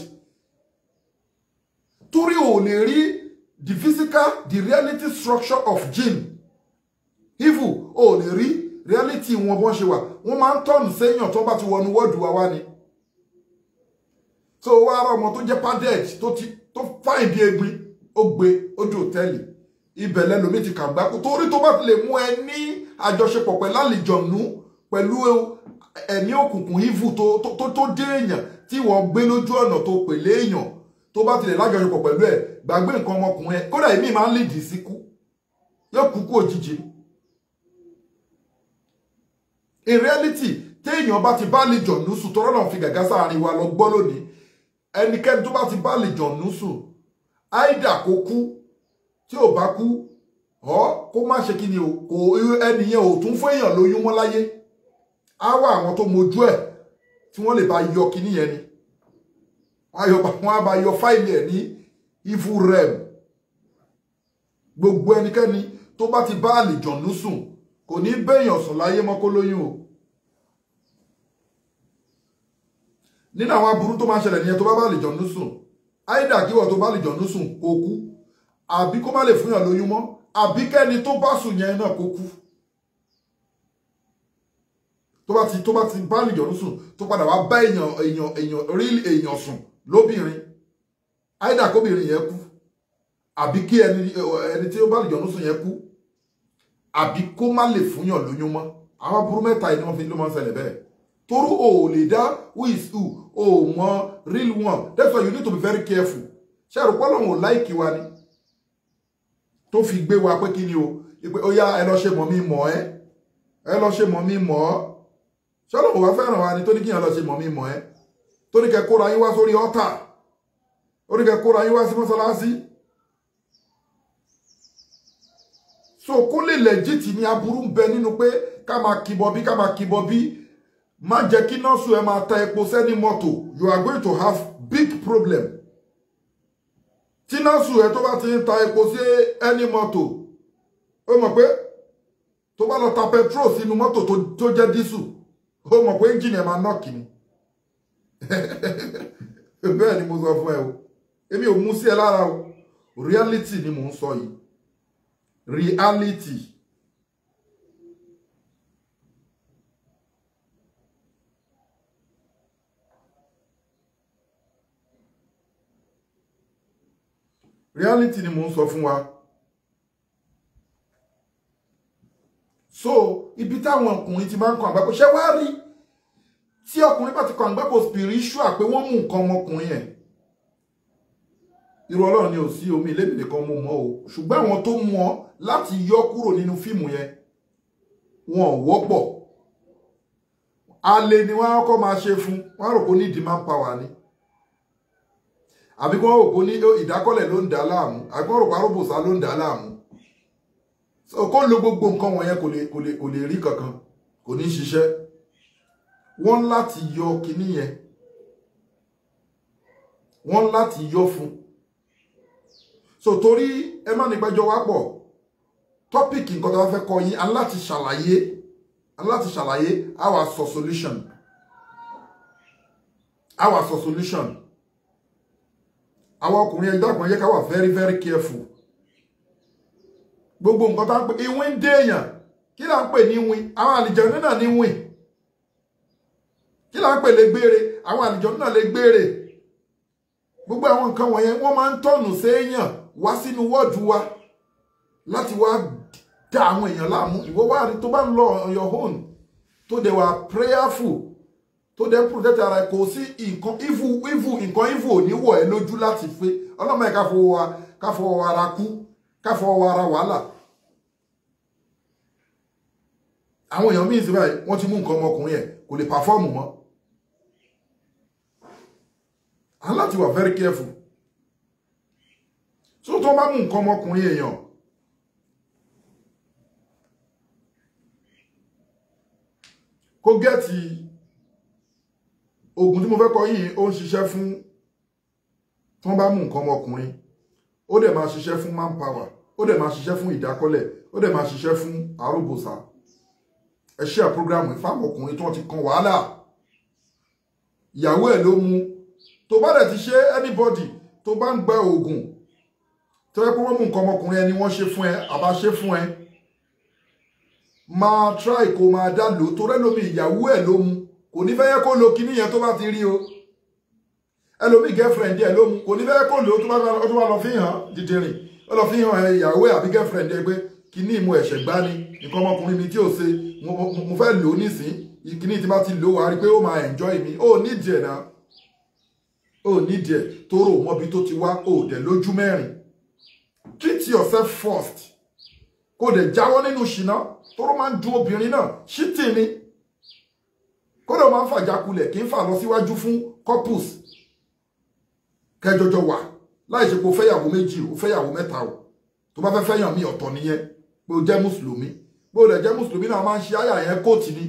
torí ò lè rí the physical the reality structure of gene evil oh lè rí reality wọn bọ́n ṣe wà wọ́n máa ń tọ́nù séèyàn tó bá ti wọnú wọ́ọ̀dù wa wá ni so wá ara ọmọ tó jẹ́ paded tó fáìn bí egbin ó gbé ó òtẹ́ẹ̀lì ibẹ̀ lẹ́lòmí ti kàgbákò torí tó bá ti lè mú ẹ ní àjọṣepọ̀ pẹ̀lú àlìjọ̀nú pẹ̀lú ẹ̀mí òkùnkùn evil tó dé èèyàn tí wọ́n gbé lójú ọ̀nà tó pèlè èèyàn tó bá tilẹ̀ lájọṣepọ̀ pẹ̀lú ẹ̀ gbàgbé nǹkan ọmọkùnrin ẹ̀ kódà èmi máa ń lè dì í yóò kú kú òjijì in reality téèyàn bá ti bá lè jọ̀nù sùn tọ́rọ́ náà fi gàgá sáàrin wa lọ gbọ́ lónìí ẹnikẹ́ni tó bá ti bá lè jọ̀nù sùn áìdà kó kú tí ò bá kú ọ kó má ṣe kí ni o kò ẹni yẹn ò tún fún èèyàn lóyún mọ́ láyé á wá àwọn tó mojú ẹ̀ tí wọ́n lè bá yọ kíní yẹn ni wọn á bá yọ fáìlì ẹ̀ ní evil realm gbogbo ẹnikẹ́ni tó bá ti bá àlìjọ̀nú sùn kò ní bẹ́yàn sùn láyé mọ́ kó lóyún o nínú àwọn aburú tó máa ṣẹlẹ̀ nìyẹn tó bá bá àlìjọ̀nú sùn áìdà kíwọ̀ tó bá àlìjọ̀nú sùn kó kú àbí kó má lè fúnyàn lóyún mọ́ àbí kẹ́ni tó bá sùn yẹn náà kó kú tó bá ti bá ti sùn tó padà wá bá èèyàn èèyàn èèyàn rí èèyàn sùn lóbìnrin àìdá kóbìnrin yẹn kú àbí kí ẹni ẹni tí ó bá lùjọ́ lóṣù yẹn kú àbí kó má lè fúnyàn lóyún mọ́ àwọn aburú mẹ́ta yìí ni wọ́n fi ló máa ń ṣẹlẹ̀ bẹ́ẹ̀ torí o ò lè dá who is who o ò mọ real one that's why you need to be very careful ṣẹ́rù pọ́lọ́hún ò láìkí wa ni tó fi gbé wa pé kí ni o ìpè ó yá ẹ lọ ṣe mọ̀ mí mọ̀ ẹ́ ẹ lọ ṣe mọ̀ mí mọ̀ ọ́ ṣọ́lọ́hún wá fẹ́ràn wa ni tó ní kí yẹn lọ ṣe mọ̀ mí mọ̀ ẹ́ tó ní kóra yín wá sórí ọ́tà ó ní kóra yín wá sí mọ́sálásí so kó lè legit ní aburú ń bẹ nínú pé ká máa kìbọ bí ká máa kìbọ bí má jẹ́ kí nọ́ọ̀sù ẹ máa ta epo sẹ́ni mọ́tò you are going to have big problem tí nọ́ọ̀sù ẹ tó bá ti ń ta epo sí ẹni mọ́tò ó mọ̀ pé tó bá lọ ta petrol sínú mọ́tò tó jẹ́ dísù ó mọ̀ pé ẹ́ńjìnì ẹ̀ máa nọ́ọ̀kì ni bẹ́ẹ̀ ni mo sọ fún ẹ o èmi ò mú sí ẹ lára o reality ni mò ń sọ yìí reality. reality ni mò ń sọ fún wa so ibi táwọn ọkùnrin ti máa ń kan àgbákò ṣé wàá rí tí ọkùnrin bá ti kọ àgbákò spiritual pé wọ́n mú nǹkan ọmọkùnrin ẹ̀ irú ọlọ́run ni ò sí omi ìlébi nìkan mú mọ́ o ṣùgbọ́n àwọn tó mú ọ láti yọ kúrò nínú fíìmù yẹn wọn ò wọ́pọ̀ alẹ́ ni wọ́n á kọ́ máa ṣe fún wọ́n á rò pé ó ní demand power ni àbí kí wọ́n rò pé ó ní ìdákọ́lẹ̀ ló ń dà á láàmú àbí kí wọ́n rò pé arúgbòsá ló ń dà á láàmú kó lo gbogbo nǹkan wọ̀nyẹn kò lè rí kankan kò ní ṣiṣẹ́ wọ́n láti yọ kinní yẹn wọ́n láti yọ fún so torí ẹ má nígbàjọ wá pọ̀ tọ́pìkì nǹkan tó bá fẹ́ kọ yín aláti ṣàlàyé aláti ṣàlàyé our sọ solution our sọ solution àwọn ọkùnrin ẹjọ́ àpọ̀n yẹ ká wà very very careful gbogbo nǹkan tá ń pè ìwín dé èèyàn kí là ń pè ní ìwín àwọn àlìjẹ̀nú náà ní ìwín kí là ń pè lè gbére àwọn àlùjọ náà lè gbére gbogbo àwọn nǹkan wọ̀nyẹn wọ́n máa ń tọ̀nù séèyàn wá sínú wọ́ọ̀dù wa láti wá da àwọn èèyàn láàmú ìwọ wá rí tó bá ń lọ your own tó dẹ̀ wà prayerful tó dẹ̀ ń protect ara kò sí nǹkan ifu ifu nǹkan ifu ò ní wọ̀ ẹ́ lójú láti fe ọlọ́mọ ẹ̀ ká fọwọ́ ara kú ká fọwọ́ ara wàhálà àwọn èèyàn míì sí báyìí wọ́n ti mú nǹkan ọmọkùnrin ẹ̀ kò lè pàfọ́ọ̀mù mọ́ a you are very careful so tó bá mú nǹkan ọmọkùnrin èèyàn kó gẹ́ẹ̀tì oògùn tí mo fẹ́ kọ yìí ó ń ṣiṣẹ́ fún tó bá mú nǹkan ọmọkùnrin ó dẹ̀ máa ṣiṣẹ́ fún manpower ó dẹ̀ máa ṣiṣẹ́ fún ìdákọ́lẹ̀ ó dẹ̀ máa ṣiṣẹ́ fún arúgbòsà ẹ ṣe àpúrógrámù ìfáwọn ọkùnrin tí ti kan wàhálà ìyàwó ẹ̀ ló mú tó bá dẹ̀ ti ṣe anybody tó bá ń gba oògùn tó yẹ pé wọ́n mú nǹkan ọmọkùnrin ẹni wọ́n ṣe fún ẹ àbá ṣe fún ẹ máa try kó máa dá lò tó rẹ́ lómi ìyàwó ẹ̀ ló mu kò ní fẹ́ yẹ kó lo kinní yẹn tó bá ti rí o ẹlòmíì girlfriend ẹ̀ ló mu kò ní fẹ́ yẹ kó lo tó bá lọ fi hàn dìde rìn ó lọ fi hàn ìyàwó ẹ̀ àbí girlfriend ẹ̀ pé kinní ìmú ẹ̀ṣẹ̀ gbá ni nǹkan ọmọkùnrin mi tí ò ṣe mo fẹ́ lò ó nísìnyí kinní tí bá ti lò wá rí pé ó máa enjoy mi ó nídìí ẹ̀ náà o nídìí ẹ̀ tóró mọ́bi tó ti wá o dẹ̀ lójú mẹ́rin treat yourself first kó o dẹ̀ jáwọ́ nínú ṣìnà tóró máa ń dun obìnrin náà ṣítì ni kódà máa ń fàjákulẹ̀ kì í fà lọ síwájú fún couples kẹjọjọ wà láì ṣe pé o fẹ́yàwó méjì o fẹ́yàwó mẹ́ta o tó bá fẹ́ fẹ́yàn mi ọ̀tọ̀ nìyẹn pé o jẹ́ mùsùlùmí pé o dẹ̀ jẹ́ mùsùlùmí náà a máa ń ṣe àyà yẹn kóòtù ni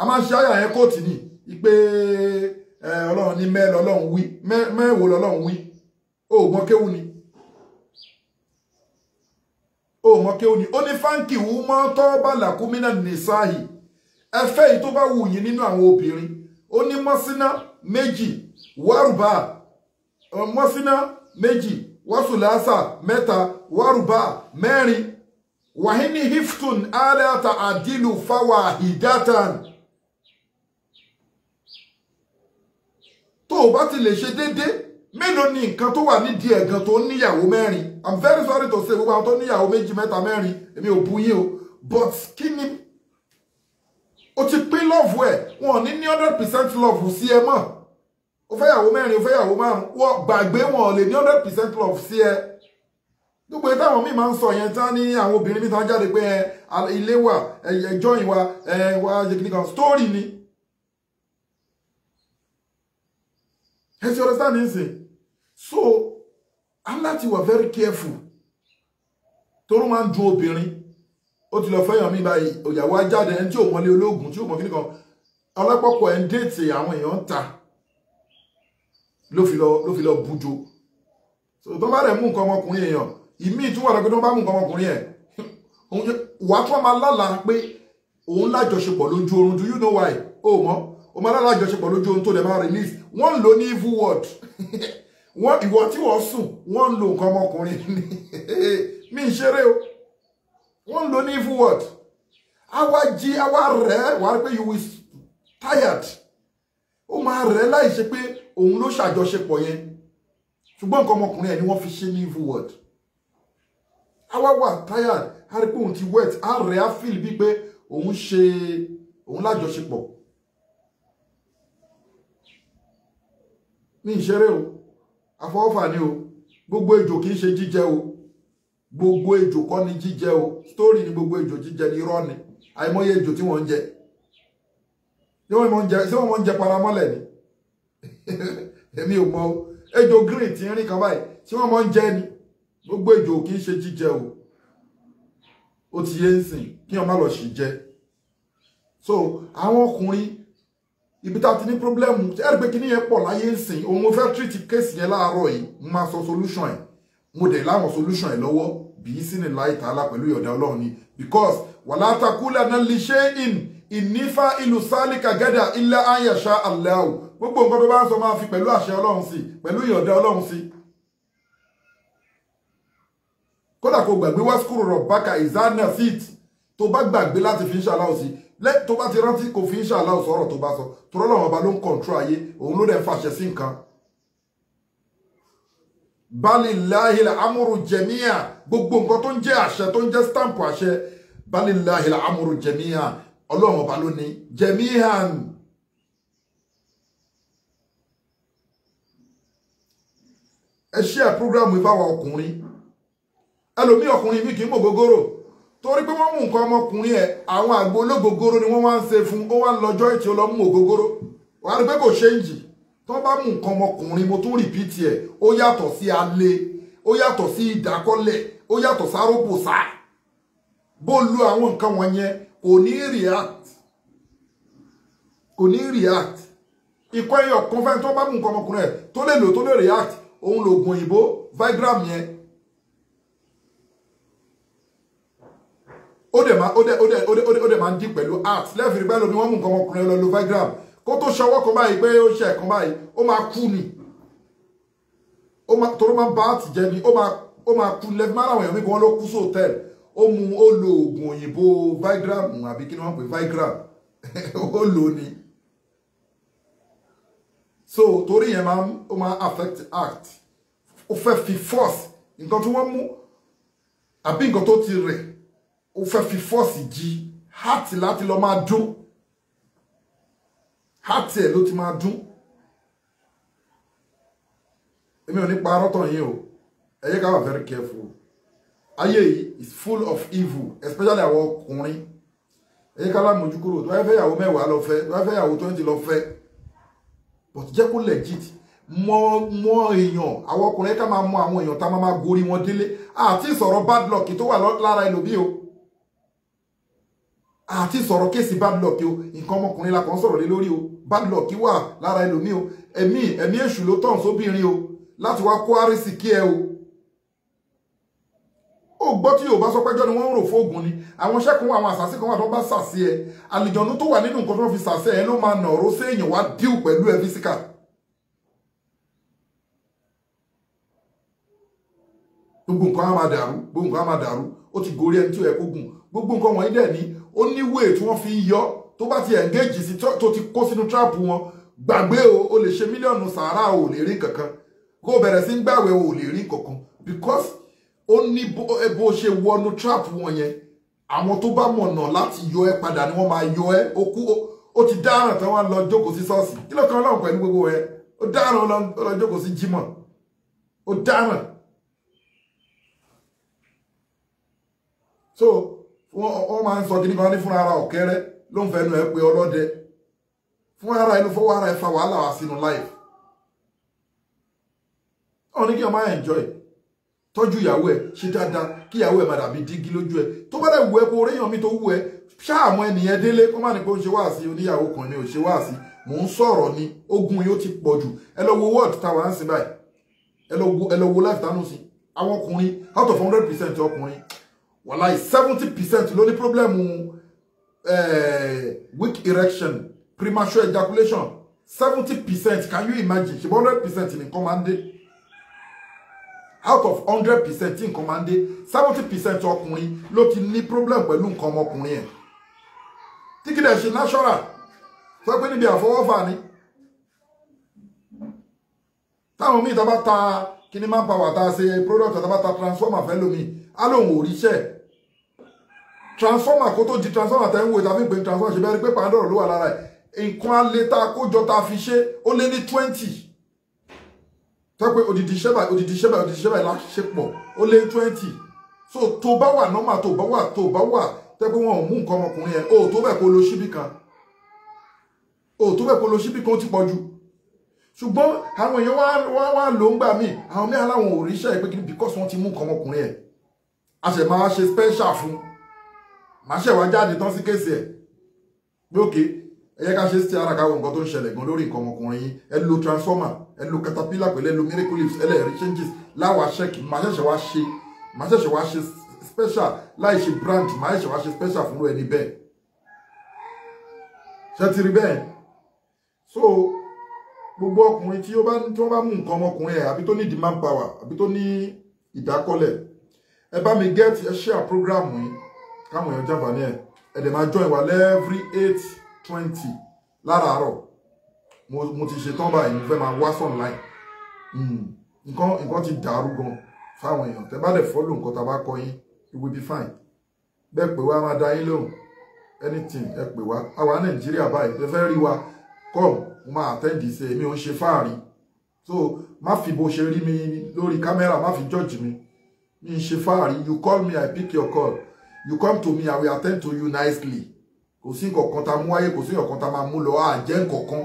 a máa ń ṣe àyà yẹn kóòtù ni pé ọlọ́run ní mẹ́ẹ̀ lọ́lọ́run wí mẹ́ẹ̀wò lọ́lọ́run wí o ò mọ kéwù ni o ò mọ kéwù ni ó ní fáǹkì wù mọ́ tọ́ bá làkúmínà nìsáàyè ẹ fẹ́ yìí tó bá wù yín nínú àwọn obìnrin ó ní mọ́sínà méjì wárùbá mọ́sínà méjì wọ́sùlásà mẹ́ta wárùbá mẹ́rin wàhíní hiftun aláta àdìlù fáwà hìdátàn. tó o bá ti lè ṣe déédéé mélòó ni nǹkan tó wà nídìí ẹ̀gàn tó níyàwó mẹ́rin i'm very sorry to say gbogbo àwọn tó níyàwó méjì mẹ́ta mẹ́rin èmi ò bu yín o but kí ni o ti pín lọ́ọ̀fù ẹ̀ wọn ò ní ní hundred percent lọ́ọ̀fù sí ẹ mọ́ o fẹ́ yàwó mẹ́rin o fẹ́ yàwó márùn wọ́n gbàgbé wọn ò lè ní hundred percent lọ́ọ̀fù sí ẹ gbogbo ẹ táwọn míì máa ń sọ yẹn tán ní àwọn obìnrin mi tán jáde pé ilé wa ẹjọ́ ìwà ẹ wá jẹ́ story ni ẹ you understand me sìn so you are very careful toró máa ń ju obìnrin ó ti lọ fẹ́yàn mi báyìí òyàwó ajáde ẹni tí ò mọ́lé ológun tí ò mọ́ kíníkan ọlọ́pọ̀pọ̀ ẹ̀ ń déètì àwọn èèyàn ta ló fi lọ ló fi lọ bujo so tó bá rẹ̀ mú nǹkan ọmọkùnrin èèyàn ìmí ìtúwọ̀ rẹ̀ pé tó bá mú nǹkan ọmọkùnrin ẹ̀ wàá tún máa lálàá pé òun lájọṣepọ̀ lójú oorun do you know why o mọ́ o máa lára àjọṣepọ̀ lójú ohun tó lè máa release wọ́n ń lò ní evil word wọ́n ìwọ tí wọ́n sùn wọ́n ń lo nǹkan ọmọkùnrin mi ń ṣeré o wọ́n ń lo ní evil word àwa jí àwa rẹ̀ wà á pé you will tired ó máa rẹ̀ láì ṣe pé òun ló ṣàjọṣepọ̀ yẹn ṣùgbọ́n nǹkan ọmọkùnrin ẹ̀ ni wọ́n fi ṣe ní evil word àwa wà tired a rí pé òun ti wet a rẹ̀ á feel bíi pé òun ṣe òun lájọṣepọ̀ ní ìṣeré o àfọwọ́fà ni o gbogbo ejò kì í ṣe jíjẹ o gbogbo ejò kọ́ ni jíjẹ o sítórì ni gbogbo ejò jíjẹ ni irọ́ ni àìmọye ejò tí wọ́n ń jẹ ṣé wọ́n mọ̀ ń jẹ paramọ́lẹ̀ ni èmi ò mọ o ejò green ti rìn kan báyìí tí wọ́n mọ̀ ń jẹ ni gbogbo ejò kì ṣe jíjẹ o ó ti yé ń sìn kí wọ́n má lọ sí jẹ so àwọn ọkùnrin ibi tá a ti ní pírọ́blẹ́mù ẹ̀rí pé kíní yẹn pọ̀ láyé ń sìn òun mo fẹ́ tírìtì kéèsì yẹn láàárọ̀ yìí mo máa sọ solution ẹ̀ mo dẹ̀ láwọn solution ẹ̀ lọ́wọ́ bìí sí ni láì tààlà pẹ̀lú ìyọ̀dá ọlọ́run ni because wàlá takúlẹ̀ náà lè ṣe in ìnífà ìlú sálíkà gẹ́dà ilẹ̀ ayẹ̀ṣà aláwò gbogbo nǹkan tó bá ń sọ máa fi pẹ̀lú àṣẹ ọlọ́run sí pẹ̀lú ìyọ̀dá ọlọ́run sí kódà kò gbàgbé wá skúrò rọ̀ bákà ìzánà fíìtì tó bá gbàgbé láti fi ń ṣàláwò sí tó bá ti rántí kò fi ń ṣàláwò sọ̀rọ̀ tó bá sọ tọ́rọ́ làwọn ọba ló ń kọ̀ǹtró ayé òun ló dẹ̀ ń fàṣẹ sí nǹkan. balilahil amuru jẹmíà gbogbo nǹkan tó ń jẹ́ àṣẹ tó ń jẹ́ stamp àṣẹ balilahil amuru jẹmíà ọlọ́run ọba ló ní jẹmíhàn. ẹ ṣí ẹ púrógíráàmù ìfáwọn ọkùnrin ẹlòmíì ọkùnrin mi kì í mọ̀ gógóró torí pé wọ́n mú nǹkan ọmọkùnrin ẹ̀ àwọn àgbo ológogoro ni wọ́n wá ń ṣe fún ó wá ń lọ́jọ́ ìtì ó lọ mú ògógóró wàá rí pé kò ṣe ń jì tó bá mú nǹkan ọmọkùnrin mo tún rìpíìtì ẹ̀ ó yàtọ̀ sí alé ó yàtọ̀ sí ìdákọ́lẹ̀ ó yàtọ̀ sárópòsá bó lu àwọn nǹkan wọ̀nyẹn kò ní react kò ní react ikọ́ ẹyọ kan fẹ́ tó bá mú nǹkan ọmọkùnrin ẹ̀ tó lè lò tó lè react òun lògùn vigram yẹn ó dẹ̀ máa ó dẹ̀ ó dẹ̀ ó dẹ̀ ó dẹ̀ máa ń dín pẹ̀lú art lẹ́ẹ̀fìrí bẹ́ẹ̀ lomi wọ́n mú nǹkan ọmọkùnrin lọ lo vigram kó tó ṣọwọ́ kan báyìí pé ó ṣe ẹ̀kan báyìí ó máa kú ni torí máa ń bá art jẹ ni ó máa ó máa kú ni lẹ́ẹ̀fìrí máa làwọn èèyàn mi gan ló kú sóòtẹ́ẹ̀l ó mu ó lo oògùn òyìnbó vigram àbí kí ni wọ́n pè vigram ó lò ni so torí yẹn máa ó máa affect art ó fẹ́ fi force nǹkan tí wọ́n mú àbí nǹkan tó ti rẹ̀ ó fẹ́ fi fọ́ọ̀sì jí háàtì láti lọ máa dún háàtì ẹ̀ ló ti máa dún èmi ò ní parọ́ tàn yín o ẹ yẹ ká wà very careful ayé yìí is full of evil especially àwọn ọkùnrin ẹ yẹ ká lámójú kúrò tó bá fẹ́ ìyàwó mẹ́wàá lọ fẹ́ tó bá fẹ́ ìyàwó twenty lọ fẹ́ but jẹ́ kó legit mọ mọ èèyàn àwọn ọkùnrin ká máa mọ àwọn èèyàn tá a máa gorí wọn délé àti ìsọ̀rọ̀ bad luck tó wà lára ẹlòmíì o àti sọ̀rọ̀ kéèsì bad luck o nǹkan ọmọkùnrin la kàn sọ̀rọ̀ lé lórí o bad luck wà lára ẹlòmíì o ẹ̀mí ẹ̀mí èṣù ló tàn sóbìnrin o láti wá kó àrísì kí ẹ o ó gbọ́ tí yóò bá sọ pẹ́jọ́ ni wọ́n ń rò fóògùn ni àwọn iṣẹ́ kan wà àwọn àṣàṣì kan wà tó bá ṣàṣì ẹ àlìjọ̀nú tó wà nínú nǹkan tó fi ṣàṣì ẹ ló máa nà ọ̀rọ̀ séèyàn wá díù pẹ̀lú ẹ físíkà. gbogbo nǹkan á máa dàrú gbogbo nǹkan á máa dàrú ó ti gorí ẹni tí ó yẹ kó gùn gbogbo nǹkan wọ̀nyí dẹ̀ ní ó ní wéè tí wọ́n fi ń yọ tó bá ti engage sí tó ti kó sínú trap wọn gbàgbé o o lè ṣe mílíọ̀nù sàárà o ò lè rí kankan kó o bẹ̀rẹ̀ sí ń gbàwẹ̀ o ò lè rí kankan because ó ní bó ṣe wọnú trap wọn yẹn àwọn tó bá mọ̀nà láti yọ ẹ́ padà ni wọ́n máa yọ ẹ́ o kú ó ti dáràn tán wá lọ jókòó sí ṣọ́ọ̀ṣì kí lọ́kàn ọlọ́run pẹ̀lú gbogbo ẹ ó dáràn ó lọ jókòó sí jímọ̀ ó dáràn so ó máa ń sọ kí ní kan ní fúnra ara ọ̀kẹ́rẹ́ ló ń fẹnu ẹ̀ pé ọlọ́dẹ fúnra ara inú fọwọ́ ara ẹ̀ fa wàhálà wá sínú life ó ní kí ọmọ ẹ̀ enjoy tọ́jú ìyàwó ẹ̀ ṣe dáadáa kí ìyàwó ẹ̀ má dàbí dígí lójú ẹ̀ tó bá dẹ̀ wù ẹ́ kó réyàn mi tó wù ẹ́ ṣáàmù ẹnìyẹn délé kó má ní kó ń ṣe wáàsí oníyàwó kan ni ò ṣe wáàsí mò ń sọ̀rọ̀ ni ogun yóò ti pọ̀ jù ẹ lọ wo word tá a wà ń sin báyìí ẹ lọ wo life tánú sí àwọn ọkùnrin out of hundred percent ọkùnrin wàláì seventy percent ló ní pírọ́blẹ́mù eh, weak erection premature ejaculation seventy percent can you imagine ṣe hundred percent in commande. out of hundred percent in commande, seventy percent ọkùnrin ló ti ní problem pẹ̀lú nǹkan ọmọkùnrin ẹ̀ tí kìí dẹ̀ ṣe natural sọ pé níbi àfọwọ́fà ni táwọn míì tá bá ta kíní máa ń pa wà tá a ṣe product tá bá ta transformer fẹ́ lómi á lóun ò ríṣẹ́ transformer kó tó di transformer tẹ́ ń wo ìtàfin pé transformer ṣe bẹ́ẹ̀ rí pé pàǹdọ̀rọ̀ ló wà lára ẹ̀ nǹkan alẹ́ta kójọ ta fi ṣe ó lé ní twenty tẹ́ pé odidi ṣẹ́bà odidi ṣẹ́bà odidi ṣẹ́bà ìlà ṣe pọ̀ ó lé ní twenty so tó bá wà normal tó bá wà tó bá wà tẹ́ pé wọn ò mú nǹkan ọmọkùnrin yẹn o tó bẹ̀ kó lo ṣíbì kan o tó bẹ̀ kó lo ṣíbì kan ó ti pọ̀ jù ṣùgbọ́n àwọn èèyàn wá wá ló ń gbà mí àwọn mẹ́rin aláwọn òrìṣà ìpínlẹ̀ because wọ́n ti mú nǹkan ọmọkùnrin yẹn a sì máa ṣe special fún un màá ṣẹ̀wá jáde tán sí kéèsì ẹ̀ pé òkè ẹ yẹ ká ṣe sí ara káwọn nǹkan tó ń ṣẹlẹ̀ gan lórí nǹkan ọmọkùnrin yín ẹ lo transformer ẹ lo caterpillar pẹ̀lú ẹ lo miracle leaves ẹ lẹ́ẹ̀rí changes láwa ṣẹ́kì màá ṣẹ̀ṣẹ̀ wá ṣe màá ṣẹ̀ṣẹ̀ wá ṣe special láì ṣe brand màá ṣẹ̀ṣẹ̀ wá ṣe special fún ẹni bẹ́ẹ̀ ṣe ti rí bẹ́ẹ̀ so gbogbo ọkùnrin tí wọ́n bá mú nǹkan ọmọkùnrin ẹ̀ àbí tó ní the manpower àbí tó ní ìdákọ́lẹ̀ ẹ bá mi get ẹ share program yìí káwọn èèyàn jàǹfààní ẹ̀ ẹ̀ dẹ̀ máa join wa lẹ́ẹ̀frí eight twenty láràárọ̀ mo ti ṣetán báyìí mo fẹ́ máa wá online hmm, nǹkan nǹkan ti dàrú gan fáwọn èèyàn tẹ́ bá lè follow nǹkan tá a bá kọ yín it will be fine bẹ́ẹ̀ pé wá máa da yín lóhùn anything ẹ pè wá àwa nàìjíríà báyìí tẹ́ fẹ́ rí wa come mo máa attend this. èmi ò ń ṣe fáàrí so má fi bó ṣe rí mi lórí kámẹ́rà má fi judge mi mi ń ṣe fáàrí you call me i pick your call you come to me i will attend to you nicely kò sí nǹkan kan tá a mú wáyé kò sí nǹkan kan tá a máa mú lọ àjẹ́ nǹkan kan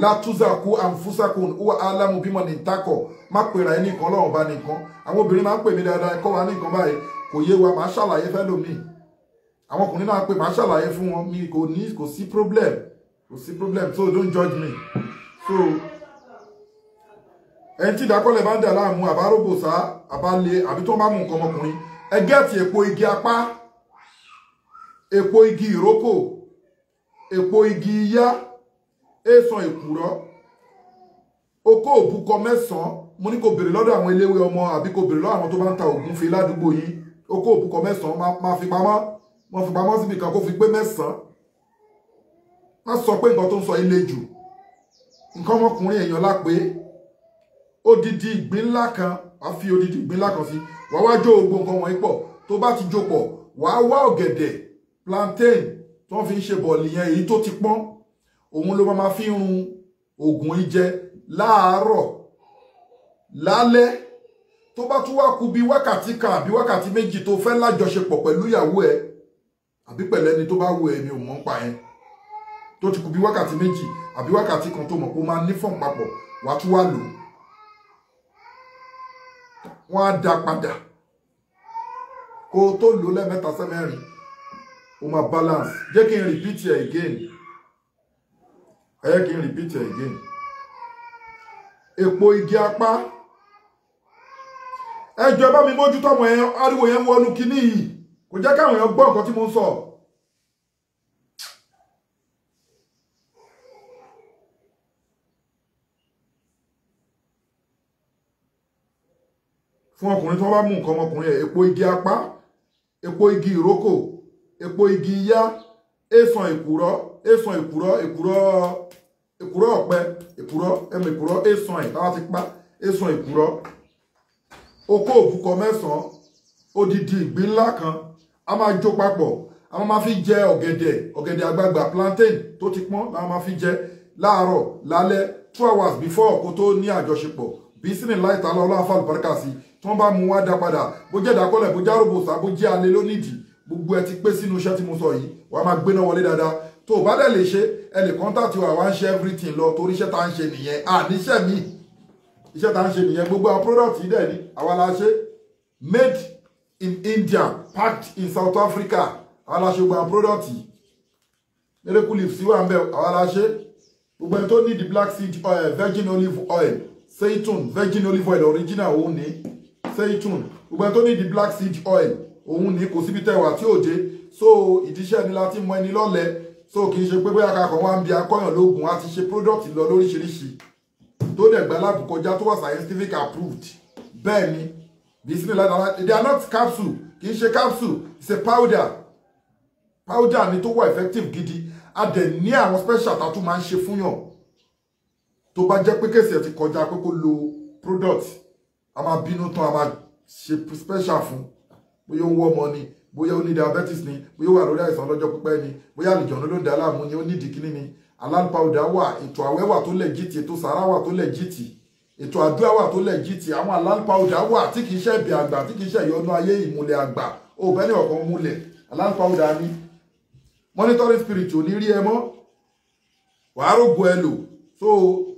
látúzàkú ànfúsàkú wà álámù bímọ ní ntakọ má pera ẹni nǹkan ọlọ́run bá nìkan àwọn obìnrin máa ń pè mí dáadáa kọ́ wa ní nǹkan báyìí kò yé wa màá ṣàlàyé fẹ́ lómi àwọn ọkùnrin náà pè màá ṣàlàyé fún wọn mi kò ní kò sí problem kò sí problem so don't judge me so ẹni tí ìdákọ́lẹ̀ bá ń dà láàmú àbáròbòsá àbálẹ̀ àbí tó bá mú nǹkan ọmọkùnrin ẹ epo igi apá epo igi ìrókò epo igi iyá èèsàn èkùrọ́ okó òbúkọ mẹ́sàn-án mo ní kò béèrè lọ́dọ̀ àwọn eléwé ọmọ àbí kò béèrè lọ́dọ̀ àwọn tó bá ń ta nke ládùúgbò yìí okó òbúkọ mẹ́sàn-án máa fi pamọ́ wọ́n fi pamọ́ síbi kan kó fi pé mẹ́sàn-án má sọ pé nǹkan tó ń sọ yìí le jù nǹkan ọmọkùnrin èèyàn lápé a fi odidi ìgbínlá kan sí wàá wá jó gbogbo nǹkan wọ̀nyí pọ̀ tó bá ti jó pọ̀ wàá wá ọ̀gẹ̀dẹ̀ plantain tí wọ́n fi ń ṣe bọ̀ọ̀lì yẹn èyí tó ti pọ́n òun ló máa fi ń run oògùn ìjẹ láàárọ̀ lálẹ́ tó bá tún wá kù bí wákàtí kan àbí wákàtí méjì tó fẹ́ lájọṣepọ̀ pẹ̀lú ìyàwó ẹ̀ àbí pẹ̀lú ẹni tó bá wù ẹ́ mi ò mọ̀ ń pa ẹ̀ tó ti kù bí wákàtí méjì àbí wákàtí kan tó mọ̀ pé ó máa nífọ̀n papọ̀ wàá tún wá lò wọ́n á dá padà kó o tó lò lẹ́ẹ̀mẹ́ta sẹ́mẹ́rin o máa balance jẹ́ kí n repeat it again ayẹ́ kí n repeat it again èpo igi apá ẹjọ́ bá mi mójútó àwọn ariwo yẹn wọnú kinní yìí kò jẹ́ káwọn èèyàn gbọ́ nǹkan tí mo ń sọ. So. fún ọkùnrin tó bá mú nǹkan ọmọkùnrin ẹ̀ epo igi apá epo igi ìrókò epo igi iyá èèfàn èkùrọ́ èèfàn èkùrọ́ èkùrọ́ èkùrọ́ ọ̀pẹ èkùrọ́ ẹmọ èkùrọ́ èèfàn ẹ̀ táwa ti pa èèfàn èkùrọ́ okó òbúkọ mẹ́sàn-án odidi ìgbín ńlá kan a máa jó papọ̀ a máa fi jẹ ọ̀gẹ̀dẹ̀ ọ̀gẹ̀dẹ̀ àgbagbà plantain tó ti pọ́n la máa fi jẹ láàárọ̀ lálẹ́ two hours before kó tó ní àjọṣepọ̀ bí sínú láìta lọ́lọ́ àfàlùbáríkà sí i tí wọ́n bá mú wá dá padà bó jẹ́ ìdákọ́lẹ̀ bó jẹ́ àròbòsà bó jẹ́ alẹ́ lónìdìí gbogbo ẹ ti pé sínú iṣẹ́ tí mo sọ yìí wàá máa gbéná wọlé dáadáa tó o bá dẹ̀ lè ṣe ẹ lè kọ́ńtàtì wa wá ń ṣe everything lọ torí iṣẹ́ tá à ń ṣe nìyẹn àníṣẹ́ mi iṣẹ́ tá à ń ṣe nìyẹn gbogbo àwọn product yìí dẹ̀ ni àwa la ṣe made in India packed in South Africa àwa la ṣe gbogbo àwọn product yìí miracle leaf sí wà ń bẹ̀ àwa la ṣe gbogbo ẹni tó ní the black seed oil virgin olive oil seitun virgin olive oil original òun ni zayitun gbogbo tó ní the black seed oil òun ní kò síbi tẹwà tí ò dé so ìdíṣẹ́ ni láti mọ ẹni lọ́lẹ̀ so kì í ṣe pé bóyá kakọ̀ wá ń bi akọ́yàn lóògùn a ti ṣe product lọ lóríṣiríṣi tó dẹ̀ gba tó wà scientific approved bẹ́ẹ̀ ni bisimilayi dara they are not capsule kì í ṣe capsule it's a powder powder ni tó wà effective gidi a dẹ̀ ní àwọn special tattoo máa ń ṣe fúnyàn tó bá jẹ́ pé kèsì ẹ̀ ti kọjá pé kó lo product a máa bínú tán a máa ṣe special fún bóyá ó ń wọ́ ọmọ ni bóyá ó ní diabetes ni bóyá ó wà lórí àìsàn ọlọ́jọ́ pípẹ́ ni bóyá àlùjọ̀nú ló ń dá láàmú ni ó nídìí kíní ni alápàdà wà ètò àwẹ̀ wà tó lẹ̀ jìtì ètò sàárà wà tó lẹ̀ jìtì ètò àdúrà wà tó lẹ̀ jìtì àwọn alápàdà wà tí kì í ṣe ẹ̀bẹ̀ àgbà tí kì í ṣe ìyọnu ayé ìmúlẹ̀ àgbà ó bẹ́ẹ̀ ní ọ̀kan múlẹ̀ alápàdà ni monitoring spirit ò ní rí ẹ mọ́ wàá rògbò ẹ lò so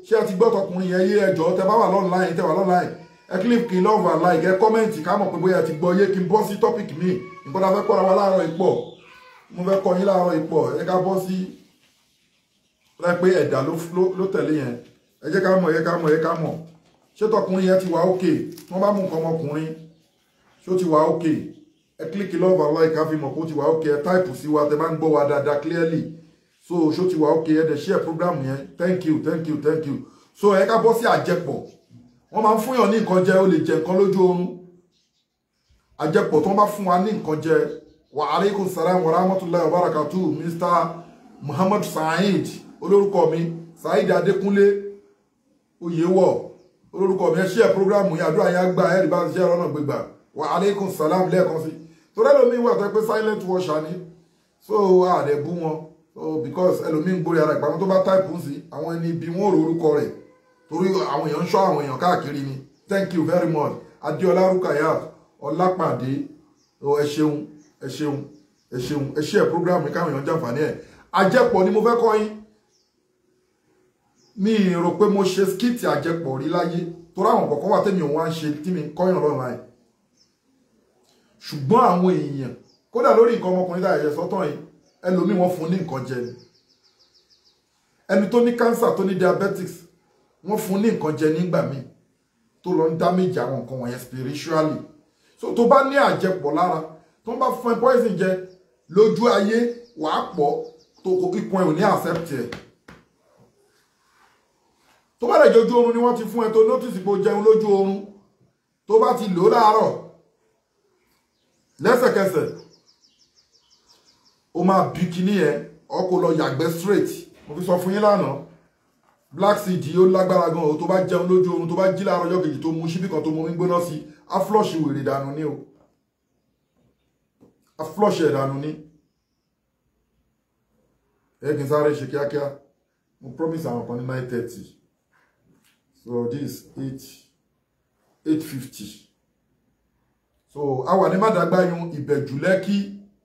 ṣé ẹ ti gbọ́ tọkùnrin yẹn ẹ clip kí n lọ́ọ̀fù àláì ẹ kọ́mẹ̀ntì ká mọ̀ pé bóyá ti gbọ́ yé kí n bọ́ sí tọ́pìkì míì nǹkan tá a fẹ́ kọ́ra wa láàárọ̀ ipò mo fẹ́ kọ́ yín láàárọ̀ ipò ẹ ká bọ́ sí rẹ pé ẹ̀dá ló tẹ̀lé yẹn ẹ jẹ́ ká mọ̀ ẹ jẹ́ ká mọ̀ ẹ jẹ́ ká mọ̀ ṣé tọkùnrin yẹn ti wà ókè wọ́n bá mú nǹkan ọmọkùnrin ṣó ti wà ókè ẹ click love and like ká fi mọ̀ pé ó ti wà ókè ẹ type sí wa tẹ bá ń gbọ́ wa dáadáa clearly so ṣó ti wà ókè ẹ dẹ̀ share program yẹn thank you thank you thank you so ẹ ká bọ́ sí àjẹpọ̀ wọ́n máa ń fún yàn ní nǹkan jẹ ó lè jẹ nǹkan lójú oorun àjẹpọ̀ tó ń bá fún wa ní nǹkan jẹ wa aleykum salaam wa mr muhammad saheed olórúkọ mi saheed adékúnlé oyèwọ olórúkọ mi ẹ programu yẹn àdúrà yẹn gbà ẹ rí bá ṣe ọ̀nà gbégbà wa aleykum salaam lẹ́ẹ̀kan sí torí ẹlòmíín wà tó pé silent washer ni so àdẹ̀bú wọn so because ẹlòmíín gbórí ara ìpamọ́ tó bá táìpù sí àwọn ẹni ibi wọn ò rò orúkọ rẹ̀ torí àwọn èèyàn ń ṣọ́ àwọn èèyàn káàkiri ni thank you very much Adiola rukayat ọlápàdé ẹ ṣeun ẹ ṣeun ẹ ṣeun ẹ ṣe ẹ program mi káwọn èèyàn jàǹfààní ẹ àjẹpọ̀ ni mo fẹ́ kọ́ yín mi rò pé mo ṣe skit àjẹpọ̀ rí láyé torí àwọn kọ̀ọ̀kan wà tẹ́mi òun wá ń ṣe tí mi ń kọ́yàn lọ́rùn ayé ṣùgbọ́n àwọn èèyàn kódà lórí nǹkan ọmọkùnrin tá ẹ̀yẹ sọ́tàn yìí ẹlòmíì fún ní nǹkan jẹ ẹni tó ní cancer tó ní diabetics wọ́n fún ní nǹkan jẹ nígbà míì tó lọ ń damage àwọn nǹkan wọ̀nyẹn spiritually so tó bá ní àjẹpọ̀ lára tó ń bá fún ẹ poison jẹ lójú ayé wàá pọ̀ tó kó kíkún ẹ ò ní accept ẹ tó bá dẹ̀ jojú oorun ni wọ́n ti fún ẹ tó notice pé o jẹun lójú oorun tó bá ti lò láàárọ̀ lẹ́sẹ̀kẹsẹ̀ o máa bí kíní yẹn ọkọ̀ lọ yàgbẹ́ straight mo fi sọ fún yín lánàá black seed yìí ó lágbára gan o tó bá jẹun lójú oorun tó bá jí láàárọ̀ ọjọ́ kejì tó mu síbì kan tó mu omi gbóná sí á flush wèrè dànù ni o á flush ẹ̀ dànù ni ẹ kì í sáré ṣe kíákíá mo promise àwọn kan ní nine thirty so this eight eight fifty so a wà ní Mádàgbáyún Ìbẹ̀jú-Lẹ́kì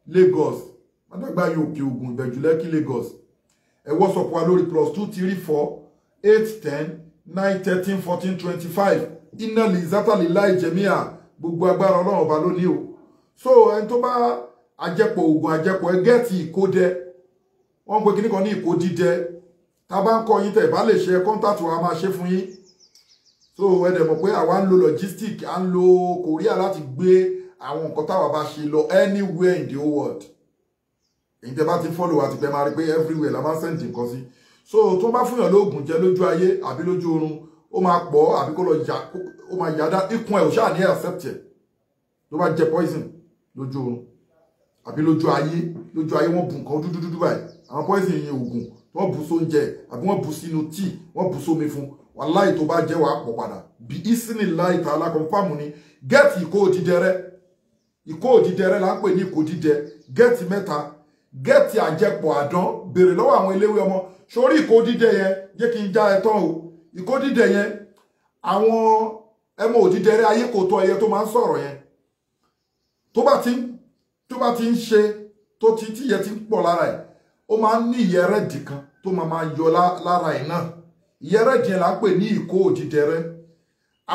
Lagos Mádàgbáyún Òkè Ògùn ìbẹ̀jú Lagos ẹ wọ́sọ̀pọ̀ wa plus two three four eight ten nine thirteen fourteen twenty five iná lè zátàlè láì jẹ̀míà gbogbo agbára ọlọ́run ọba lónìí o so ẹni tó bá àjẹpọ̀ oògùn àjẹpọ̀ ẹ gẹ́ẹ̀tì ìkódẹ wọ́n pe kíní kan ní ìkódídẹ tá bá ń kọ yín tẹ̀ bá lè ṣe kọ́ńtàtù wa máa ṣe fún yín so ẹ dẹ̀ mọ̀ pé àwa ń lo logistic à ń lo Korea láti gbé àwọn nǹkan táwa bá ṣe lọ anywhere in the world èyí tẹ́ bá ti follow àti máa rí pé everywhere la máa ń send nǹkan sí. Si so tó bá fún yàn lóògùn jẹ lójú ayé àbí lójú oorun ó máa pọ̀ àbí kó lọ yà ó máa yà dá ikùn ẹ̀ ò ṣáà ní accept ló bá jẹ poison lójú oorun àbí lójú ayé lójú ayé wọ́n bù nǹkan dúdú dúdú báyìí àwọn poison yẹn oògùn wọ́n bù sóúnjẹ àbí wọ́n bù sínú tíì wọ́n bù sómi fún wàláì tó bá jẹ́ wàá pọ̀ padà bí ìsìnì láì ta alákọ̀ọ́fàmù ni gẹ́ẹ̀tì ìkó òdìdẹ rẹ ìkó òdìdẹ rẹ là ń pè ní ìkó òdìdẹ gẹ́ẹ̀tì mẹ́ta gẹ́ẹ̀tì àjẹpọ̀ àdán béèrè lọ́wọ́ àwọn eléwé ọmọ sórí ìkó dídẹ yẹn jẹ́ kí n já ẹ tán o ìkó dídẹ yẹn àwọn ẹmọ òdídẹrẹ ayé kò tó ẹyẹ tó máa ń sọ̀rọ̀ yẹn tó bá ti tó bá ti ń ṣe tó ti tíyẹ ti ń pọ̀ lára ẹ̀ ó máa ń ní ìyẹrẹ́dì kan tó máa máa yọ lára ẹ̀ náà ìyẹrẹ́dì yẹn là ń pè ní ìkó òdídẹrẹ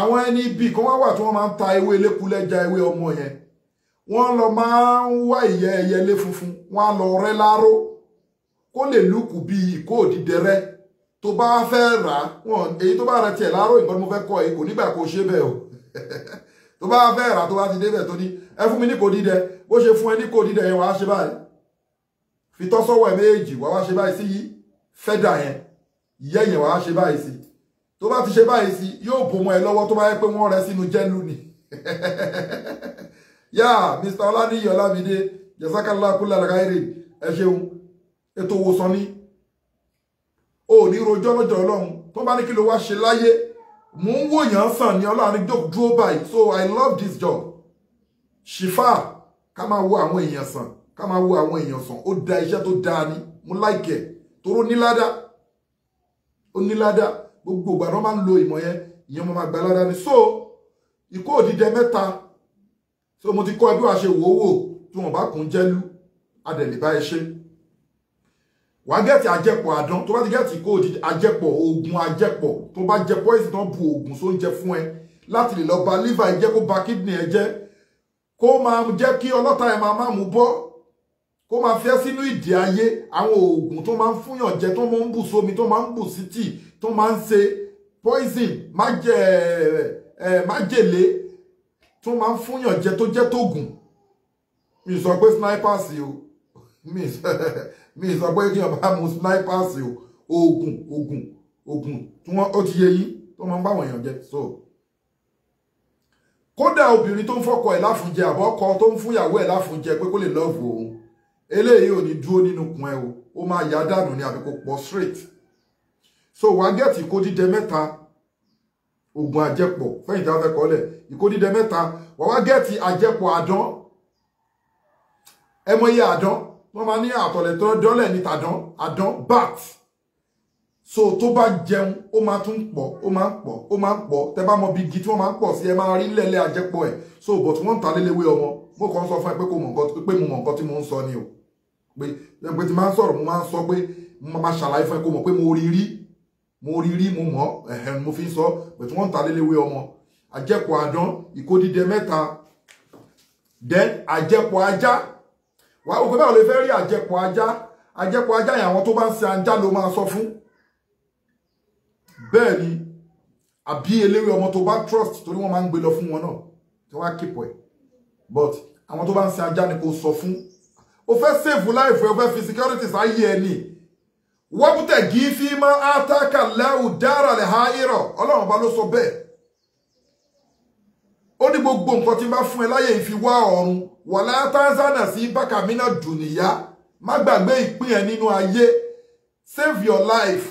àwọn ẹni ibi kan wá wà tí wọ́n máa ń ta ewé elékúlẹ́ja ewé ọmọ yẹn wọ́n lọ máa ń wá ìyẹ́ ẹyẹlé funfun wọ́n á lọ rẹ́ láró kó lè lùkù bí ìkó òdìdẹrẹ tó bá fẹ́ rà á wọn èyí tó bá ra tiẹ̀ láàárọ̀ nǹkan mo fẹ́ kọ́ yìí kò nígbà kó ṣe bẹ́ẹ̀ o tó bá fẹ́ rà tó bá ti débẹ̀ tó ní ẹ fún mi ní kò dídẹ bó ṣe fún ẹ ní kò dídẹ yẹn wàá ṣe báyìí fi tọ́ sọ́wọ́ ẹ méjì wàá wá ṣe báyìí sí yìí fẹ́dà yẹn ìyẹ́ yẹn wàá ṣe báyìí sí tó bá ti ṣe báyìí sí yóò bò mọ́ ẹ lọ́wọ́ tó bá yẹ pé wọ́n rẹ sínú jẹ́lú ni yá Mr. Ọláníyì Ọlámídé jazakallah ẹ ṣeun ètò òwòsàn ni o ò ní rojọ́ lọ́jọ́ ọlọ́run tó bá ní kí ló wá ṣe láyé mò ń wòyàn sàn ní ọlọ́run jókòó dúró báyìí so i love this job ṣìfà ká máa wo àwọn èèyàn sàn ká máa wo àwọn èèyàn sàn ó da iṣẹ́ tó dáa ni mo láìkẹ̀ toró níládá ó níládá gbogbo ìgbà náà máa ń lo ìmọ̀ yẹn ìyẹn mo máa gba ládá ni so ikú òdìdẹ mẹ́ta so mo ti kọ́ ẹbí wa ṣe wòówò tí wọ́n bá kún jẹ́lú adẹ̀lẹ̀ ẹ ṣe wàá gẹ̀ẹ́tì àjẹpọ̀ àdán tó bá ti gẹ̀ẹ́tì kó di àjẹpọ̀ oògùn àjẹpọ̀ tó bá jẹ poison tán bu oògùn sóúnjẹ fún ẹ láti lè lọ ba liver ẹ jẹ́ kó ba kidney ẹ jẹ́ kó máa jẹ́ kí ọlọ́ta ẹ máa máa mú bọ́ kó máa fẹ́ sínú ìdí ayé àwọn oògùn tó máa ń fúnyàn jẹ tó máa ń bù sómi tó máa ń bù sí tó máa ń ṣe poison májèlé tó máa ń fúnyàn jẹ tó jẹ́ tógùn mi sọ pé snipers o mi sọ mi sọ pé kí ọba mu snipers o oògùn oògùn oògùn tí wọ́n ó ti yẹ yín tó máa ń bá àwọn èèyàn jẹ so kódà obìnrin tó ń fọkọ ẹ̀ láfúnjẹ àbọ̀kọ tó ń fúyàwó ẹ̀ láfúnjẹ pé kó lè lọ́ọ̀fù òun eléyìí ò ní dúró nínú kun ẹ o ó máa yá dànù ní àbíkó pọ̀ straight so wàá gẹ̀ẹ́tì kó dídẹ mẹ́ta oògùn àjẹpọ̀ fẹ́yìn tí a fẹ́ kọ́lẹ̀ ìkódídẹ mẹ́ta wàá wá gẹ̀ẹ́tì àjẹpọ̀ àdán ẹ àdán wọ́n máa ní ah, àtọ̀lẹ̀ tó dọ́lẹ̀ ní tàdán àdán bat so tó bá jẹun ó máa tún pọ̀ ó máa ń pọ̀ ó máa ń pọ̀ tẹ bá mọ bí igi tí wọ́n máa ń pọ̀ sí ẹ máa rí lẹ́lẹ́ ajẹ́pọ̀ ẹ̀ so bọ̀ wọ́n ń ta léléwé ọmọ mo kàn ń sọ fún ẹ pé kò mọ̀ nǹkan pé mo mọ̀ nǹkan tí mo ń sọ ni o pé pé tí máa ń sọ̀rọ̀ mo máa ń sọ pé mo máa ṣàlàyé fún ẹ kò mọ̀ pé mo rí rí mo rí rí mo mọ̀ ẹ̀hẹ̀n mo fi ń sọ pé wọ́n ń ta léléwé ọmọ ajẹ́pọ̀ àdán ìkódídẹ mẹ́ta then àjẹpọ̀ ajá wà á wò pé báwo lè fẹ́ rí aja ajá àjẹpọ̀ ajá yẹn àwọn ni abi eléwé omo to ba trust tori won ma ń gbé lọ fún wọn náà tí wọ́n á but àwọn to ba ń ṣe ni ko so fun o fẹ́ save life o fẹ́ fi securities ayé ẹ nì wọ́pútẹ̀ gí ataka átákà lẹ́hùn dára lẹ́hà irọ́ ọlọ́run ọba ló ó ní gbogbo nǹkan tí n bá fún ẹ láyè ìfi wá ọ̀run wọ̀lá tanzania sí bákàmínà dùnìyá má gbàgbé ìpín ẹ nínú ayé save your life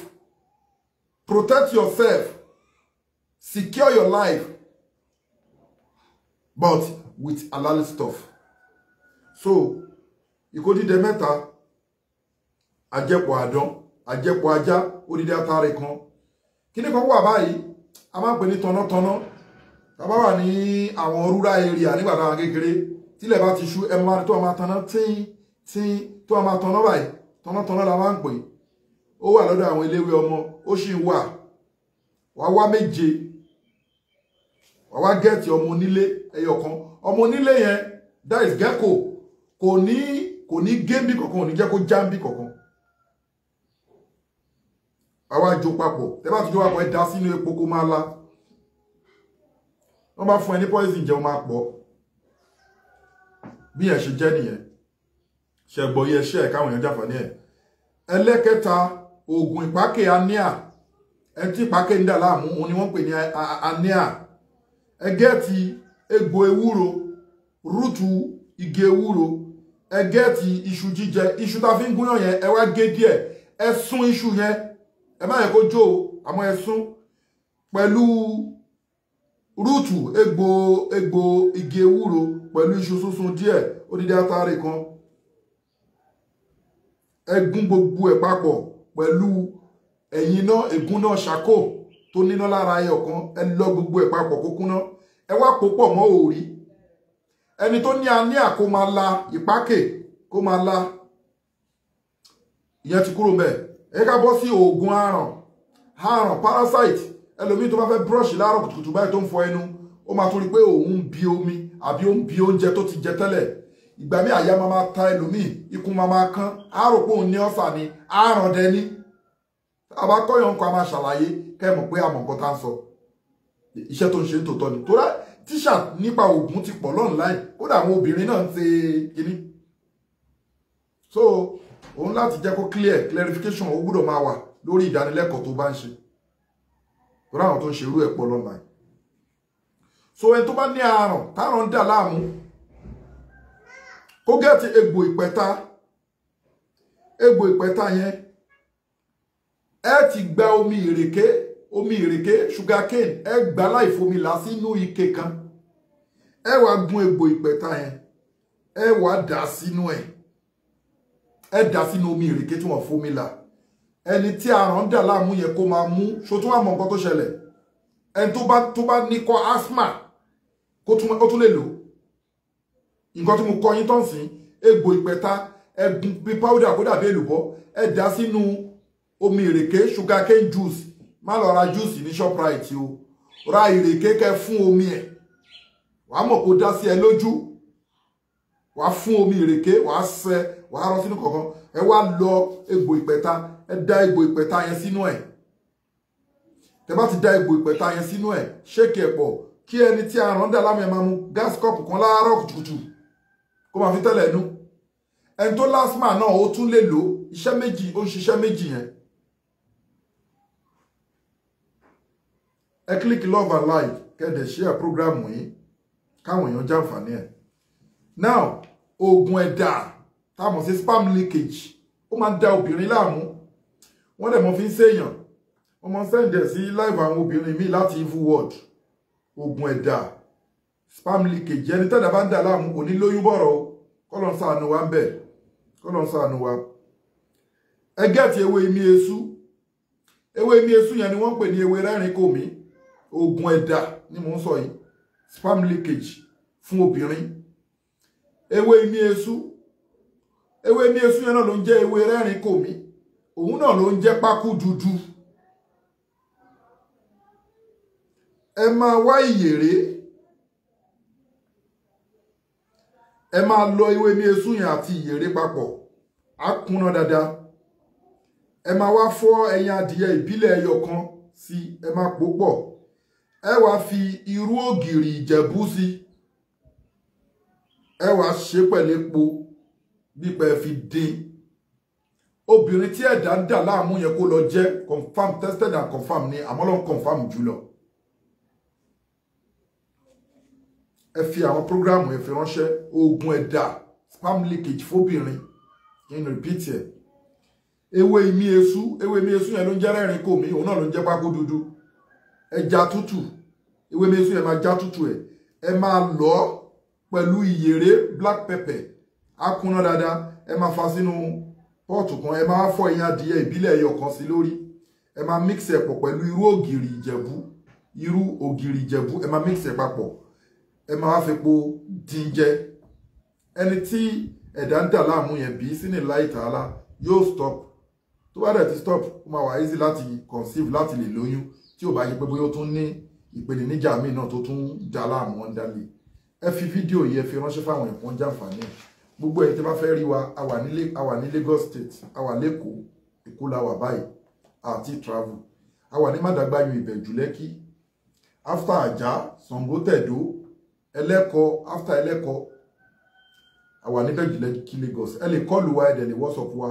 protect yourself secure your life but with halal stuff so ìkó dídẹ mẹ́ta àjẹpọ̀ àdán àjẹpọ̀ ajá odidi atare kan kíní kan wà báyìí a máa ń pè ní tọ̀nàtọ̀nà tàbá wà ní àwọn rural area nígbà táwọn kékeré tílẹ̀ bá ti ṣú ẹ máa tó máa tanná tín tín tó máa tanná báyìí tọ́nàtọ́nà la máa ń pè ó wà lọ́dọ̀ àwọn eléwé ọmọ ó sì wà wá wá méje wá wá gẹ́ẹ̀tì ọmọ onílé ẹyọ kan ọmọ onílé yẹn that is gecko kò ní kò ní géńbì kankan kò ní jẹ́ kó jáǹbì kankan àwa jọ papọ̀ tẹ́ bá ti jọ papọ̀ ẹ dá sínú epo kó máa la wọ́n bá fún ẹ ní poison jẹ́ wọ́n máa pọ̀ bí ẹ̀ ṣe jẹ́ nìyẹn ṣe gbọ́ yẹ ṣe ẹ̀ káwọn èèyàn jàǹfààní ẹ̀ ẹlẹ́kẹta oògùn ìpákè aníà ẹ tí ń dà láàmú òun ni wọ́n pè ní aníà ẹgẹ́ ti egbò ewúro rútu igi ewúro ẹgẹ́ ti iṣu jíjẹ iṣu tá a fi ń gúnyàn yẹn ẹ wá gé díẹ̀ ẹ sún iṣu yẹn ẹ má yẹ kó jó o àmọ́ ẹ sún pẹ̀lú rúùtù egbò egbò igi ewúro pẹ̀lú iṣu sísun díẹ̀ odidi atare kan ẹgún gbogbo ẹ̀ papọ̀ pẹ̀lú ẹ̀yìn náà ègún náà ṣàkó tó níná lára ẹyọ kan ẹ lọ gbogbo ẹ̀ papọ̀ kó kúná ẹ wá pò pọ̀ mọ́ òòrí ẹni tó ní aníà kó máa la ìpákè kó máa la ìyẹn ti kúrò mẹ́ẹ̀ ẹ ká bọ́ sí oògùn aràn aràn parasite ẹlòmíì tó bá fẹ́ búrọ̀ṣì láàárọ̀ kùtùkùtù báyìí tó ń fọ ẹnu ó máa tún rí pé òun ń bi omi àbí ó ń bi oúnjẹ tó ti jẹ tẹ́lẹ̀ ìgbà míì àyà máa ta ẹlòmíì ikùn máa kán àárò pé òun ní ọ̀sà ni àárọ̀ dẹni àbá kọ́yọ̀ nǹkan a máa ṣàlàyé kẹ́ pé àmọ̀ nǹkan tá ń sọ iṣẹ́ tó ń ṣe tòótọ́ ni tóra tíṣà nípa oògùn ti pọ̀ lọ́nláìn kódà àwọn obìnrin náà ń ṣe kínní so òun láti jẹ́ kó clear clarification ó gbúdọ̀ máa wà lórí ìdánilẹ́kọ̀ọ́ tó bá ń ṣe torí àwọn tó ń ṣerú ẹ̀ pọ̀ lọ́la yìí so ẹni tó bá ní àrùn táwọn ń dà láàmú kó gẹ́ẹ̀tì egbò ìpẹ́ta egbò ìpẹ́ta yẹn ẹ ti gba omi ìrèké omi ìrèké sugarcane ẹ gbà láì fomi là sínú ike kan ẹ wá gun egbò ìpẹ́ta yẹn ẹ wá dà sínú ẹ̀ ẹ dà sínú omi ìrèké tí wọ́n fomi ẹni tí àrùn dà láàmú yẹ kó máa mú ṣó tún wà mọ̀ nǹkan tó ṣẹlẹ̀ ẹni tó bá tó bá ní kọ́ asthma kó tún lè lò nǹkan tí mo kọ yín tán sí egbò ìpẹta ẹgùn bí powder kó dàbí èlùbọ́ ẹ dá sínú omi ìrèké sugarcane juice má lọ ra juice ní shoprite o ra ìrèké kẹ fún omi ẹ wàá mọ̀ kó dá sí ẹ lójú wàá fún omi ìrèké wàá sẹ wàá rọ sínú kọ̀ọ̀kan ẹ wá lọ egbò ìpẹta ẹ da egbò ìpẹ̀ta yẹn sínú ẹ̀ tẹ bá ti da egbò ìpẹ̀ta yẹn sínú ẹ̀ ṣéèkì ẹ̀ pọ̀ kí ẹni tí a rán dà lámì ẹ̀ máa mu gas cup kan láàárọ̀ kùtùkùtù kó máa fi tẹ́lẹ̀ nú ẹni tó lásìmà náà ó tún lè lò iṣẹ́ méjì ó ń ṣiṣẹ́ méjì yẹn ẹ click love and like kẹ́dẹ̀ share program yìí káwọn èèyàn jàǹfààní ẹ̀ now oògùn ẹ̀dà táwọn sí spam leakage ó máa ń da obìnrin láàmú wọ́n dẹ̀ mọ́ fi ń ṣèyàn wọ́n mọ́ sẹ́ǹdẹ̀ sí láìpẹ́ àwọn obìnrin míì láti evil world oògùn ẹ̀dà spam leakage ẹni tẹ́lẹ̀ bá ń dà láàmú kò ní lóyún bọ̀rọ̀ o kọ́lọ̀ ń sànù wa ń bẹ̀ kọ́lọ̀ ń sànù wa ẹ gẹ́ẹ̀tì ewé imi esu ewé imi esu yẹn ni wọ́n pè ní ewé rẹ́rìn kò mí oògùn ẹ̀dà ni mò ń sọ yìí spam leakage fún obìnrin ewé imi esu ewé imi esu yẹn náà ló ń jẹ́ ewé rẹ́rìn kò mí òun náà ló ń jẹ́ pákó dúdú ẹ máa wá ìyèrè ẹ máa lọ ewé ní esu yẹn àti ìyèrè papọ̀ á kúnná dáadáa ẹ máa wá fọ́ ẹyin adìyẹ ìbílẹ̀ ẹyọ kan sí ẹ máa pò pọ̀ ẹ wá fi irú ògìrì ìjẹ̀bú sí ẹ wá ṣe pẹ̀lú epo bí pẹ́ fi dín obìnrin tí ẹ̀dá ń dà láàmú yẹn kó lọ jẹ́ confam tested and confam ni àmọ́ ló ń confam jùlọ. ẹ fi àwọn programu ẹ fi ránṣẹ́ oògùn ẹ̀dà spam leakage fóbìnrin in repeat ẹ̀ ewé imí esu ewé imí esu yẹn ló ń jẹ́ rẹ́rìn kò mí òun náà ló ń jẹ́ pákó dúdú ẹja tútù ewé imí esu yẹn máa já tútù ẹ̀ ẹ máa lọ pẹ̀lú ìyèrè black pepper akunná dáadáa ẹ máa fa sínú pọ́ọ̀tù kan ẹ máa fọ́ ẹyin adìyẹ ìbílẹ̀ ẹyọ kan sí lórí ẹ máa mix ẹ̀ pọ̀ pẹ̀lú irú ògìrì ìjẹ̀bú irú ògìrì ìjẹ̀bú ẹ máa mix ẹ̀ papọ̀ ẹ máa fepo dín jẹ ẹni tí ẹ̀dá ń dà láàmú yẹn bí sínú láì tààlà yóò stop tó bá dẹ̀ ti stop ó máa wà easy láti conceive láti lè lóyún tí ò bá yẹ pé bóyá ó tún ní ìpèníjà míì náà tó tún dà láàmú ọ̀ndálẹ̀ ẹ fi fídíò yìí fi ránṣẹ́ fáwọn ẹ̀kọ́ jàǹfààní ẹ̀ gbogbo ẹ̀ tí wọ́n fẹ́ rí wa a wà ní Lagos State a wà lẹ́kọ̀ọ́ Èkó la wà báyìí àti travel a wà ní Màdàgbàyò Ìbẹ̀jú Lẹ́kì after Ajá Sàngótẹ̀dó Ẹlẹ́kọ after Ẹlẹ́kọ a wà ní Ìbẹ̀jú Lẹ́kì Lagos ẹ lè kọ́ọ̀lù wa ẹ̀dẹ̀ lè WhatsApp wa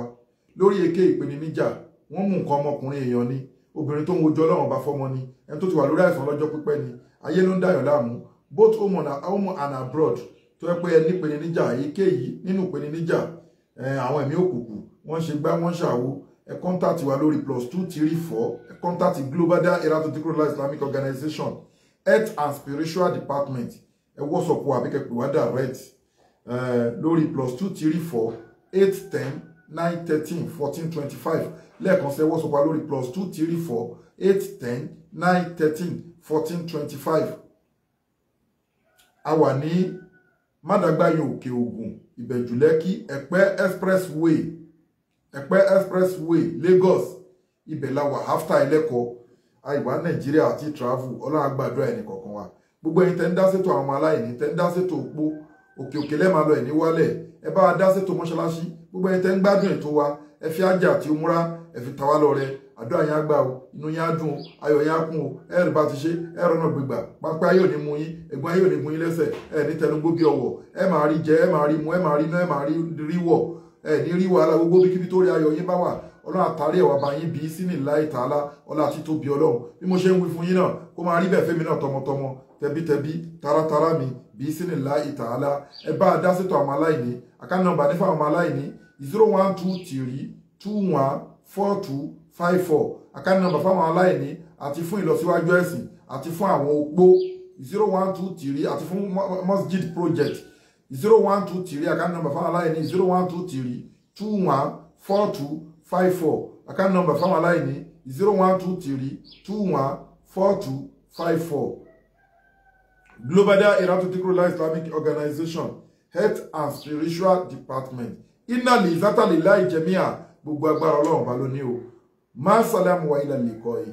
lórí èké ìpèníjà wọ́n mú nǹkan ọmọkùnrin èèyàn ni obìnrin tó ń wojú Ọlọ́run bá fọ́mọ ni ẹni tó ti wà lórí àìsàn lọ́jọ́ pípẹ́ ni ayé ló ń dàyàn láàmú both home and abroad tó yẹ pé ẹni ìpèníjà èyíkéyìí nínú ìpèníjà àwọn ẹ̀mí òkùnkùn wọ́n ṣe gbá wọ́n ṣàwo ẹ kọ́ńtàtì wa lórí plus two three four ẹ kọ́ńtàtì Global Dahiratu Dhikrlahi Islamic Organization Health and Spiritual Department ẹ wọ́sọ̀pọ̀ àbíkẹ́pẹ̀ wá direct lórí plus two three four eight ten nine thirteen fourteen twenty five lẹ́ẹ̀kan sí ẹ wọ́sọ̀pọ̀ lórí plus two three four eight ten nine thirteen fourteen twenty five a wà ní mádàgbáyò òkè ògùn ìbẹ̀jùlẹ́kì ẹ̀pẹ́ expressway ẹ̀pẹ́ expressway lagos ibẹ̀ la wà after ẹlẹ́kọ̀ọ́ àìwá nàìjíríà àti travel ọlọ́run gbàdúrà ẹnì kọ̀ọ̀kan wa gbogbo ẹ̀yin tẹ́ ń dá ṣètò àwọn ọmọ aláìní tẹ́ ń dá ṣètò òpó òkè òkè lẹ́ẹ̀ máa lọ ẹ̀ní wálẹ̀ ẹ bá wa mọ́ṣáláṣí gbogbo ẹ̀yin tẹ́ ń gbádùn ètò wa ẹ fi ájà àti òmúra ẹ fi tàwa lọ rẹ àdúrà yẹn á gbà o inú yẹn á dùn o ayọ̀ yẹn á kún o ẹ̀rì bá ti ṣe ẹ̀rọ náà gbégbà pápá yóò ní mú yín ègbọ́n yóò ní mú yín lẹ́sẹ̀ ẹ̀ ní tẹnugbó bí ọ̀wọ̀ ẹ̀ máa rí jẹ ẹ̀ máa rí mu ẹ̀ máa rí ná ẹ̀ máa rí wọ̀ ẹ̀ ní rí wàhálà gbogbo bí kíbi tó rí ayọ̀ yín bá wà ọlọ́run àtàrí ẹ̀wà bá yín bí sínú ìlà ìtàlá ọlá àti tóbi ọlọ́run bí mo ṣe ń wí fún yín náà kó máa rí bẹ́ẹ̀ fẹ́mi náà tọmọtọmọ tẹbítẹbí taratara mi bí sínú ìlà ìtàlá ẹ bá a dá sétò àwọn aláìní àkáńtì nọ́mbà nífà àwọn aláìní zero one two three two one four two five four àkáǹtì nọ́mbà fáwọn aláìní àti fún ìlọsíwájú ẹ̀sìn àti fún àwọn opó zero one two three àti fún masjid project zero one two three àkáǹtì nọ́mbà fáwọn aláìní zero one two three two one four two five four àkáǹtì nọ́mbà fáwọn aláìní zero one two three two one four two five four. Global Dahiratu Dhikrlahi Islamic Organization Health and Spiritual Department inna lillahi wa inna ilaihi raji'un gbogbo agbára ọlọ́run bá o. ma salamu wa ila likoi